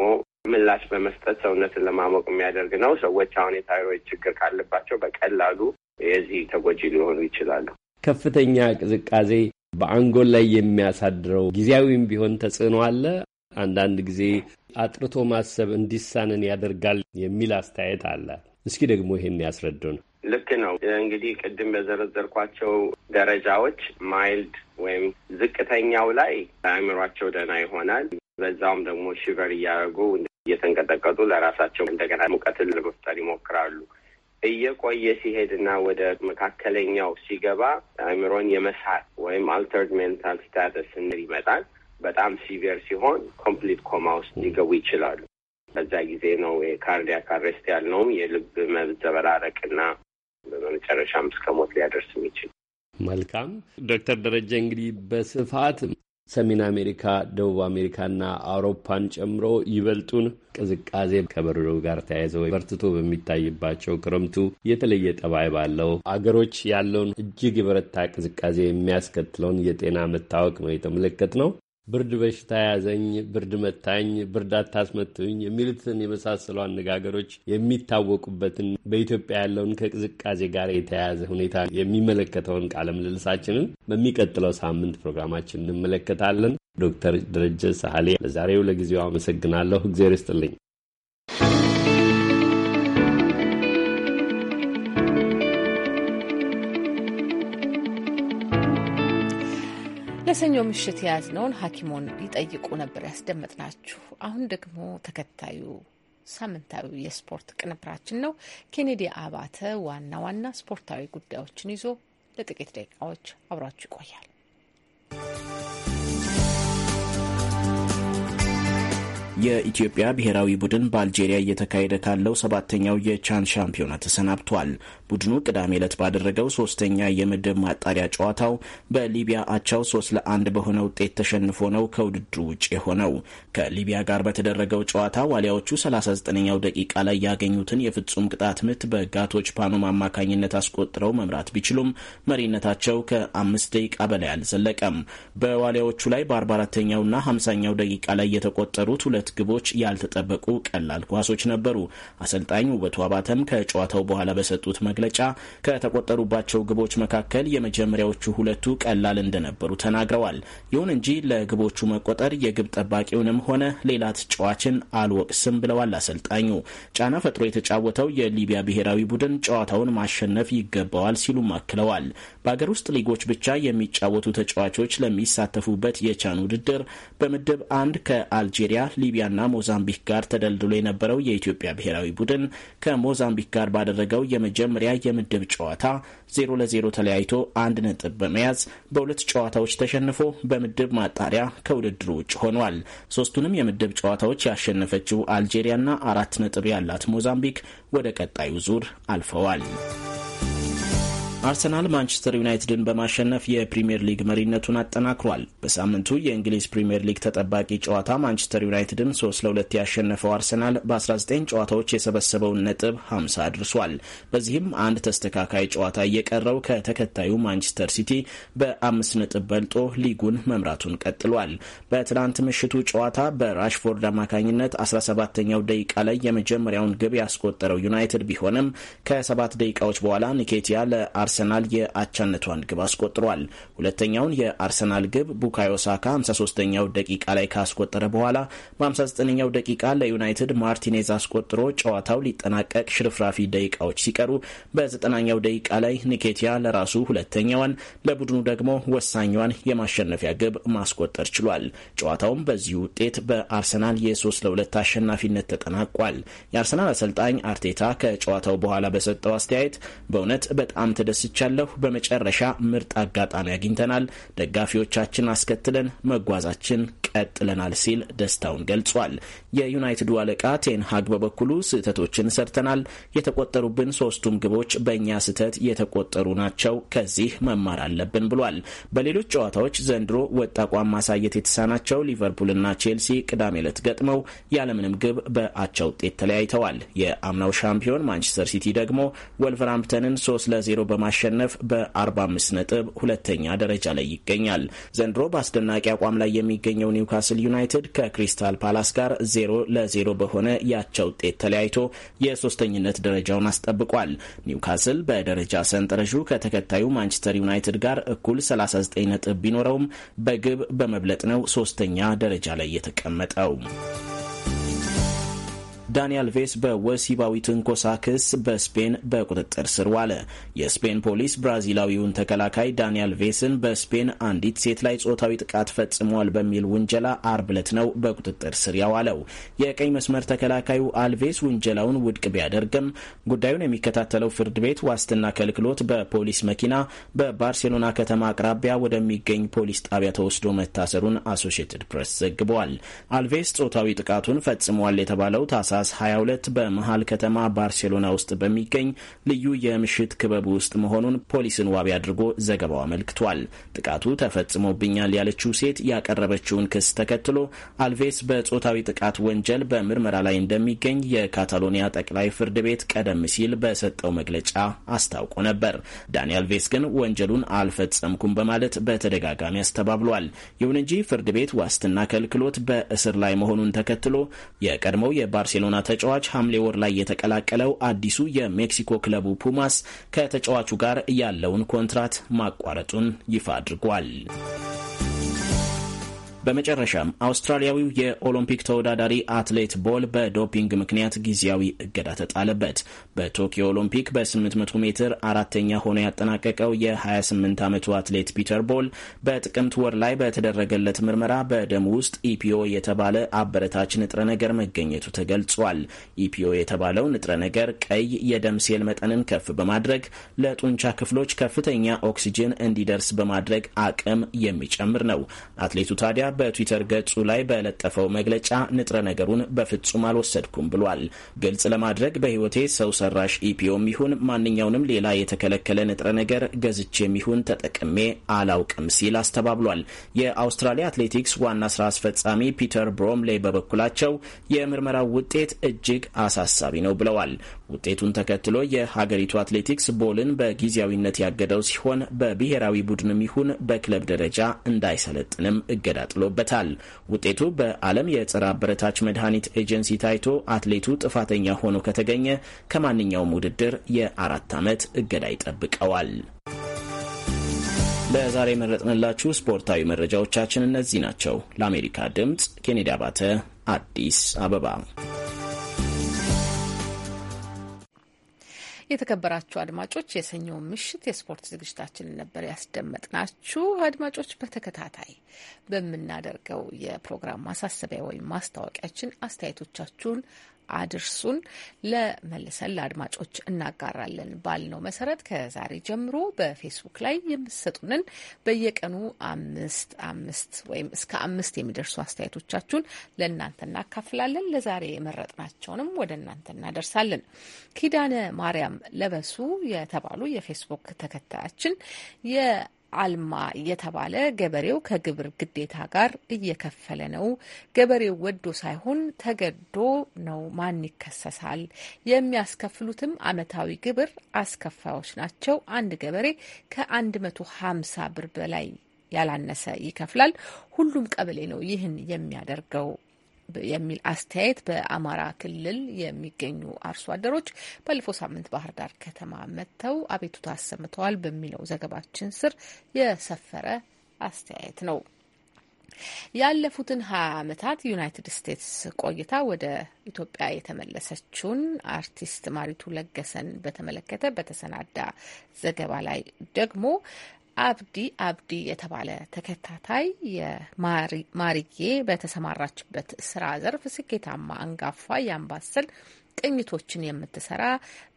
ምላሽ በመስጠት ሰውነትን ለማሞቅ የሚያደርግ ነው። ሰዎች አሁን የታይሮይድ ችግር ካለባቸው በቀላሉ የዚህ ተጎጂ ሊሆኑ ይችላሉ። ከፍተኛ ቅዝቃዜ በአንጎል ላይ የሚያሳድረው ጊዜያዊም ቢሆን ተጽዕኖ አለ። አንዳንድ ጊዜ አጥርቶ ማሰብ እንዲሳንን ያደርጋል የሚል አስተያየት አለ። እስኪ ደግሞ ይሄን ያስረዱን። ልክ ነው እንግዲህ ቅድም በዘረዘርኳቸው ደረጃዎች ማይልድ ወይም ዝቅተኛው ላይ አእምሯቸው ደህና ይሆናል። በዛውም ደግሞ ሽቨር እያደረጉ እየተንቀጠቀጡ ለራሳቸው እንደገና ሙቀትን ለመፍጠር ይሞክራሉ። እየቆየ ሲሄድና ወደ መካከለኛው ሲገባ አእምሮን የመሳት ወይም አልተርድ ሜንታል ስታተስ ይመጣል። በጣም ሲቪየር ሲሆን ኮምፕሊት ኮማ ውስጥ ሊገቡ ይችላሉ። በዛ ጊዜ ነው የካርዲያክ አሬስት ያልነውም የልብ መዘበራረቅና በመጨረሻም እስከ ሞት ሊያደርስ የሚችል መልካም ዶክተር ደረጀ እንግዲህ በስፋት ሰሜን አሜሪካ፣ ደቡብ አሜሪካና አውሮፓን ጨምሮ ይበልጡን ቅዝቃዜ ከበረዶ ጋር ተያይዘው በርትቶ በሚታይባቸው ክረምቱ የተለየ ጠባይ ባለው አገሮች ያለውን እጅግ የበረታ ቅዝቃዜ የሚያስከትለውን የጤና መታወቅ ነው የተመለከት ነው። ብርድ በሽታ ያዘኝ፣ ብርድ መታኝ፣ ብርድ አታስመቱኝ የሚሉትን የመሳሰሉ አነጋገሮች የሚታወቁበትን በኢትዮጵያ ያለውን ከቅዝቃዜ ጋር የተያያዘ ሁኔታ የሚመለከተውን ቃለ ምልልሳችንን በሚቀጥለው ሳምንት ፕሮግራማችን እንመለከታለን። ዶክተር ደረጀ ሳህሌ ለዛሬው ለጊዜው አመሰግናለሁ። እግዜር ይስጥልኝ። ለሰኞ ምሽት የያዝነውን ሐኪሞን ይጠይቁ ነበር ያስደመጥናችሁ። አሁን ደግሞ ተከታዩ ሳምንታዊ የስፖርት ቅንብራችን ነው። ኬኔዲ አባተ ዋና ዋና ስፖርታዊ ጉዳዮችን ይዞ ለጥቂት ደቂቃዎች አብሯችሁ ይቆያል። የኢትዮጵያ ብሔራዊ ቡድን በአልጄሪያ እየተካሄደ ካለው ሰባተኛው የቻን ሻምፒዮና ተሰናብቷል። ቡድኑ ቅዳሜ ዕለት ባደረገው ሶስተኛ የምድብ ማጣሪያ ጨዋታው በሊቢያ አቻው ሶስት ለአንድ በሆነ ውጤት ተሸንፎ ነው ከውድድሩ ውጭ የሆነው። ከሊቢያ ጋር በተደረገው ጨዋታ ዋሊያዎቹ 39ኛው ደቂቃ ላይ ያገኙትን የፍጹም ቅጣት ምት በጋቶች ፓኖም አማካኝነት አስቆጥረው መምራት ቢችሉም መሪነታቸው ከአምስት ደቂቃ በላይ አልዘለቀም። በዋሊያዎቹ ላይ በ44ኛውና 50ኛው ደቂቃ ላይ የተቆጠሩት ሁለት ሁለት ግቦች ያልተጠበቁ ቀላል ኳሶች ነበሩ። አሰልጣኝ ውበቱ አባተም ከጨዋታው በኋላ በሰጡት መግለጫ ከተቆጠሩባቸው ግቦች መካከል የመጀመሪያዎቹ ሁለቱ ቀላል እንደነበሩ ተናግረዋል። ይሁን እንጂ ለግቦቹ መቆጠር የግብ ጠባቂውንም ሆነ ሌላ ተጫዋችን አልወቅስም ብለዋል አሰልጣኙ። ጫና ፈጥሮ የተጫወተው የሊቢያ ብሔራዊ ቡድን ጨዋታውን ማሸነፍ ይገባዋል ሲሉም አክለዋል። በአገር ውስጥ ሊጎች ብቻ የሚጫወቱ ተጫዋቾች ለሚሳተፉበት የቻን ውድድር በምድብ አንድ ከአልጄሪያ ሊቢያ ከሊቢያና ሞዛምቢክ ጋር ተደልድሎ የነበረው የኢትዮጵያ ብሔራዊ ቡድን ከሞዛምቢክ ጋር ባደረገው የመጀመሪያ የምድብ ጨዋታ ዜሮ ለዜሮ ተለያይቶ አንድ ነጥብ በመያዝ በሁለት ጨዋታዎች ተሸንፎ በምድብ ማጣሪያ ከውድድሩ ውጭ ሆኗል። ሶስቱንም የምድብ ጨዋታዎች ያሸነፈችው አልጄሪያና አራት ነጥብ ያላት ሞዛምቢክ ወደ ቀጣዩ ዙር አልፈዋል። አርሰናል ማንቸስተር ዩናይትድን በማሸነፍ የፕሪምየር ሊግ መሪነቱን አጠናክሯል። በሳምንቱ የእንግሊዝ ፕሪምየር ሊግ ተጠባቂ ጨዋታ ማንቸስተር ዩናይትድን 3 ለ2 ያሸነፈው አርሰናል በ19 ጨዋታዎች የሰበሰበውን ነጥብ 50 አድርሷል። በዚህም አንድ ተስተካካይ ጨዋታ እየቀረው ከተከታዩ ማንቸስተር ሲቲ በአምስት ነጥብ በልጦ ሊጉን መምራቱን ቀጥሏል። በትናንት ምሽቱ ጨዋታ በራሽፎርድ አማካኝነት 17ኛው ደቂቃ ላይ የመጀመሪያውን ግብ ያስቆጠረው ዩናይትድ ቢሆንም ከሰባት ደቂቃዎች በኋላ ኒኬቲያ ለ አርሰናል የአቻነቷን ግብ አስቆጥሯል። ሁለተኛውን የአርሰናል ግብ ቡካዮ ሳካ 53ኛው ደቂቃ ላይ ካስቆጠረ በኋላ በ59ኛው ደቂቃ ለዩናይትድ ማርቲኔዝ አስቆጥሮ ጨዋታው ሊጠናቀቅ ሽርፍራፊ ደቂቃዎች ሲቀሩ በ90ኛው ደቂቃ ላይ ኒኬቲያ ለራሱ ሁለተኛዋን ለቡድኑ ደግሞ ወሳኛዋን የማሸነፊያ ግብ ማስቆጠር ችሏል። ጨዋታውም በዚህ ውጤት በአርሰናል ለ2 አሸናፊነት ተጠናቋል። የአርሰናል አሰልጣኝ አርቴታ ከጨዋታው በኋላ በሰጠው አስተያየት በእውነት በጣም ተደ መድረስ በመጨረሻ ምርጥ አጋጣሚ አግኝተናል። ደጋፊዎቻችን አስከትለን መጓዛችን ቀጥለናል ሲል ደስታውን ገልጿል። የዩናይትዱ አለቃ ቴንሃግ በበኩሉ ስህተቶችን ሰርተናል። የተቆጠሩብን ሶስቱም ግቦች በእኛ ስህተት የተቆጠሩ ናቸው። ከዚህ መማር አለብን ብሏል። በሌሎች ጨዋታዎች ዘንድሮ ወጥ አቋም ማሳየት የተሳናቸው ሊቨርፑልና ቼልሲ ቅዳሜ ዕለት ገጥመው ያለምንም ግብ በአቻ ውጤት ተለያይተዋል። የአምናው ሻምፒዮን ማንቸስተር ሲቲ ደግሞ ወልቨርሃምፕተንን 3 ለ0 በማ በማሸነፍ በ45 ነጥብ ሁለተኛ ደረጃ ላይ ይገኛል። ዘንድሮ በአስደናቂ አቋም ላይ የሚገኘው ኒውካስል ዩናይትድ ከክሪስታል ፓላስ ጋር ለ ለዜሮ በሆነ ያቻ ውጤት ተለያይቶ የሶስተኝነት ደረጃውን አስጠብቋል። ኒውካስል በደረጃ ሰንጠረዡ ከተከታዩ ማንቸስተር ዩናይትድ ጋር እኩል 39 ነጥብ ቢኖረውም በግብ በመብለጥ ነው ሶስተኛ ደረጃ ላይ የተቀመጠው። ዳንያል ቬስ በወሲባዊ ትንኮሳ ክስ በስፔን በቁጥጥር ስር ዋለ። የስፔን ፖሊስ ብራዚላዊውን ተከላካይ ዳኒ ቬስን በስፔን አንዲት ሴት ላይ ጾታዊ ጥቃት ፈጽሟል በሚል ውንጀላ አርብ ዕለት ነው በቁጥጥር ስር ያዋለው። የቀኝ መስመር ተከላካዩ አልቬስ ውንጀላውን ውድቅ ቢያደርግም ጉዳዩን የሚከታተለው ፍርድ ቤት ዋስትና ከልክሎት በፖሊስ መኪና በባርሴሎና ከተማ አቅራቢያ ወደሚገኝ ፖሊስ ጣቢያ ተወስዶ መታሰሩን አሶሺየትድ ፕሬስ ዘግበዋል። አልቬስ ጾታዊ ጥቃቱን ፈጽሟል የተባለው ታሳ ታህሳስ 22 በመሃል ከተማ ባርሴሎና ውስጥ በሚገኝ ልዩ የምሽት ክበብ ውስጥ መሆኑን ፖሊስን ዋቢ አድርጎ ዘገባው አመልክቷል። ጥቃቱ ተፈጽሞብኛል ያለችው ሴት ያቀረበችውን ክስ ተከትሎ አልቬስ በጾታዊ ጥቃት ወንጀል በምርመራ ላይ እንደሚገኝ የካታሎኒያ ጠቅላይ ፍርድ ቤት ቀደም ሲል በሰጠው መግለጫ አስታውቆ ነበር። ዳኒ አልቬስ ግን ወንጀሉን አልፈጸምኩም በማለት በተደጋጋሚ አስተባብሏል። ይሁን እንጂ ፍርድ ቤት ዋስትና ከልክሎት በእስር ላይ መሆኑን ተከትሎ የቀድሞው የባርሴሎና ተጫዋች ሐምሌ ወር ላይ የተቀላቀለው አዲሱ የሜክሲኮ ክለቡ ፑማስ ከተጫዋቹ ጋር ያለውን ኮንትራት ማቋረጡን ይፋ አድርጓል። በመጨረሻም አውስትራሊያዊው የኦሎምፒክ ተወዳዳሪ አትሌት ቦል በዶፒንግ ምክንያት ጊዜያዊ እገዳ ተጣለበት። በቶኪዮ ኦሎምፒክ በ800 ሜትር አራተኛ ሆኖ ያጠናቀቀው የ28 ዓመቱ አትሌት ፒተር ቦል በጥቅምት ወር ላይ በተደረገለት ምርመራ በደም ውስጥ ኢፒኦ የተባለ አበረታች ንጥረ ነገር መገኘቱ ተገልጿል። ኢፒኦ የተባለው ንጥረ ነገር ቀይ የደም ሴል መጠንን ከፍ በማድረግ ለጡንቻ ክፍሎች ከፍተኛ ኦክሲጅን እንዲደርስ በማድረግ አቅም የሚጨምር ነው። አትሌቱ ታዲያ በትዊተር ገጹ ላይ በለጠፈው መግለጫ ንጥረ ነገሩን በፍጹም አልወሰድኩም ብሏል። ግልጽ ለማድረግ በህይወቴ ሰው ሰራሽ ኢፒዮም ይሁን ማንኛውንም ሌላ የተከለከለ ንጥረ ነገር ገዝቼም ይሁን ተጠቅሜ አላውቅም ሲል አስተባብሏል። የአውስትራሊያ አትሌቲክስ ዋና ስራ አስፈጻሚ ፒተር ብሮምሌ በበኩላቸው የምርመራው ውጤት እጅግ አሳሳቢ ነው ብለዋል። ውጤቱን ተከትሎ የሀገሪቱ አትሌቲክስ ቦልን በጊዜያዊነት ያገደው ሲሆን በብሔራዊ ቡድንም ይሁን በክለብ ደረጃ እንዳይሰለጥንም እገዳ ጥሎ ተብሎበታል። ውጤቱ በዓለም የጸረ አበረታች መድኃኒት ኤጀንሲ ታይቶ አትሌቱ ጥፋተኛ ሆኖ ከተገኘ ከማንኛውም ውድድር የአራት ዓመት እገዳ ይጠብቀዋል። ለዛሬ የመረጥንላችሁ ስፖርታዊ መረጃዎቻችን እነዚህ ናቸው። ለአሜሪካ ድምፅ ኬኔዲ አባተ አዲስ አበባ የተከበራችሁ አድማጮች የሰኞው ምሽት የስፖርት ዝግጅታችንን ነበር ያስደመጥናችሁ። አድማጮች በተከታታይ በምናደርገው የፕሮግራም ማሳሰቢያ ወይም ማስታወቂያችን አስተያየቶቻችሁን አድርሱን ለመልሰን ለአድማጮች እናጋራለን ባልነው መሰረት ከዛሬ ጀምሮ በፌስቡክ ላይ የምትሰጡንን በየቀኑ አምስት አምስት ወይም እስከ አምስት የሚደርሱ አስተያየቶቻችሁን ለእናንተ እናካፍላለን። ለዛሬ የመረጥናቸውንም ወደ እናንተ እናደርሳለን። ኪዳነ ማርያም ለበሱ የተባሉ የፌስቡክ ተከታያችን አልማ የተባለ ገበሬው ከግብር ግዴታ ጋር እየከፈለ ነው። ገበሬው ወዶ ሳይሆን ተገዶ ነው። ማን ይከሰሳል? የሚያስከፍሉትም አመታዊ ግብር አስከፋዮች ናቸው። አንድ ገበሬ ከ150 ብር በላይ ያላነሰ ይከፍላል። ሁሉም ቀበሌ ነው ይህን የሚያደርገው የሚል አስተያየት በአማራ ክልል የሚገኙ አርሶ አደሮች ባለፈው ሳምንት ባህር ዳር ከተማ መጥተው አቤቱታ አሰምተዋል በሚለው ዘገባችን ስር የሰፈረ አስተያየት ነው። ያለፉትን ሀያ ዓመታት ዩናይትድ ስቴትስ ቆይታ ወደ ኢትዮጵያ የተመለሰችውን አርቲስት ማሪቱ ለገሰን በተመለከተ በተሰናዳ ዘገባ ላይ ደግሞ አብዲ አብዲ የተባለ ተከታታይ የማሪጌ በተሰማራችበት ስራ ዘርፍ ስኬታማ አንጋፋ የአምባሰል ቅኝቶችን የምትሰራ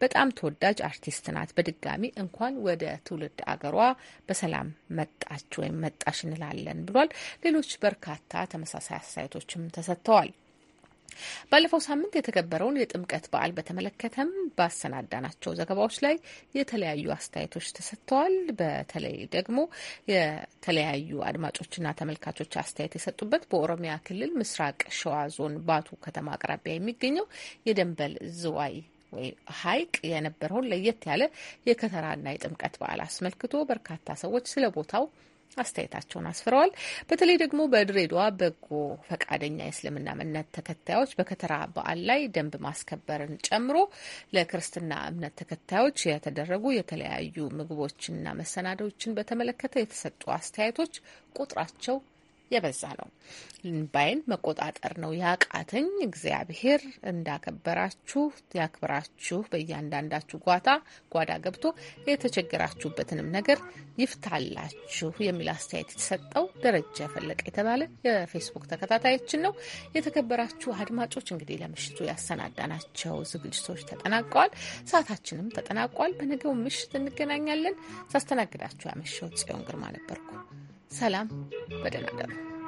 በጣም ተወዳጅ አርቲስት ናት። በድጋሚ እንኳን ወደ ትውልድ አገሯ በሰላም መጣች ወይም መጣሽ እንላለን ብሏል። ሌሎች በርካታ ተመሳሳይ አስተያየቶችም ተሰጥተዋል። ባለፈው ሳምንት የተከበረውን የጥምቀት በዓል በተመለከተም ባሰናዳናቸው ዘገባዎች ላይ የተለያዩ አስተያየቶች ተሰጥተዋል። በተለይ ደግሞ የተለያዩ አድማጮችና ተመልካቾች አስተያየት የሰጡበት በኦሮሚያ ክልል ምስራቅ ሸዋ ዞን ባቱ ከተማ አቅራቢያ የሚገኘው የደንበል ዝዋይ ወይ ሀይቅ የነበረውን ለየት ያለ የከተራና የጥምቀት በዓል አስመልክቶ በርካታ ሰዎች ስለ ቦታው አስተያየታቸውን አስፍረዋል። በተለይ ደግሞ በድሬዳዋ በጎ ፈቃደኛ የእስልምና እምነት ተከታዮች በከተራ በዓል ላይ ደንብ ማስከበርን ጨምሮ ለክርስትና እምነት ተከታዮች የተደረጉ የተለያዩ ምግቦችንና መሰናዶችን በተመለከተ የተሰጡ አስተያየቶች ቁጥራቸው የበዛ ነው። ባይን መቆጣጠር ነው ያቃተኝ። እግዚአብሔር እንዳከበራችሁ ያክብራችሁ። በእያንዳንዳችሁ ጓታ ጓዳ ገብቶ የተቸገራችሁበትንም ነገር ይፍታላችሁ የሚል አስተያየት የተሰጠው ደረጃ ፈለቀ የተባለ የፌስቡክ ተከታታያችን ነው። የተከበራችሁ አድማጮች እንግዲህ ለምሽቱ ያሰናዳናቸው ዝግጅቶች ተጠናቀዋል። ሰዓታችንም ተጠናቋል። በነገው ምሽት እንገናኛለን። ሳስተናግዳችሁ ያመሸው ጽዮን ግርማ ነበርኩ። ሰላም፣ በደህና እደሩ።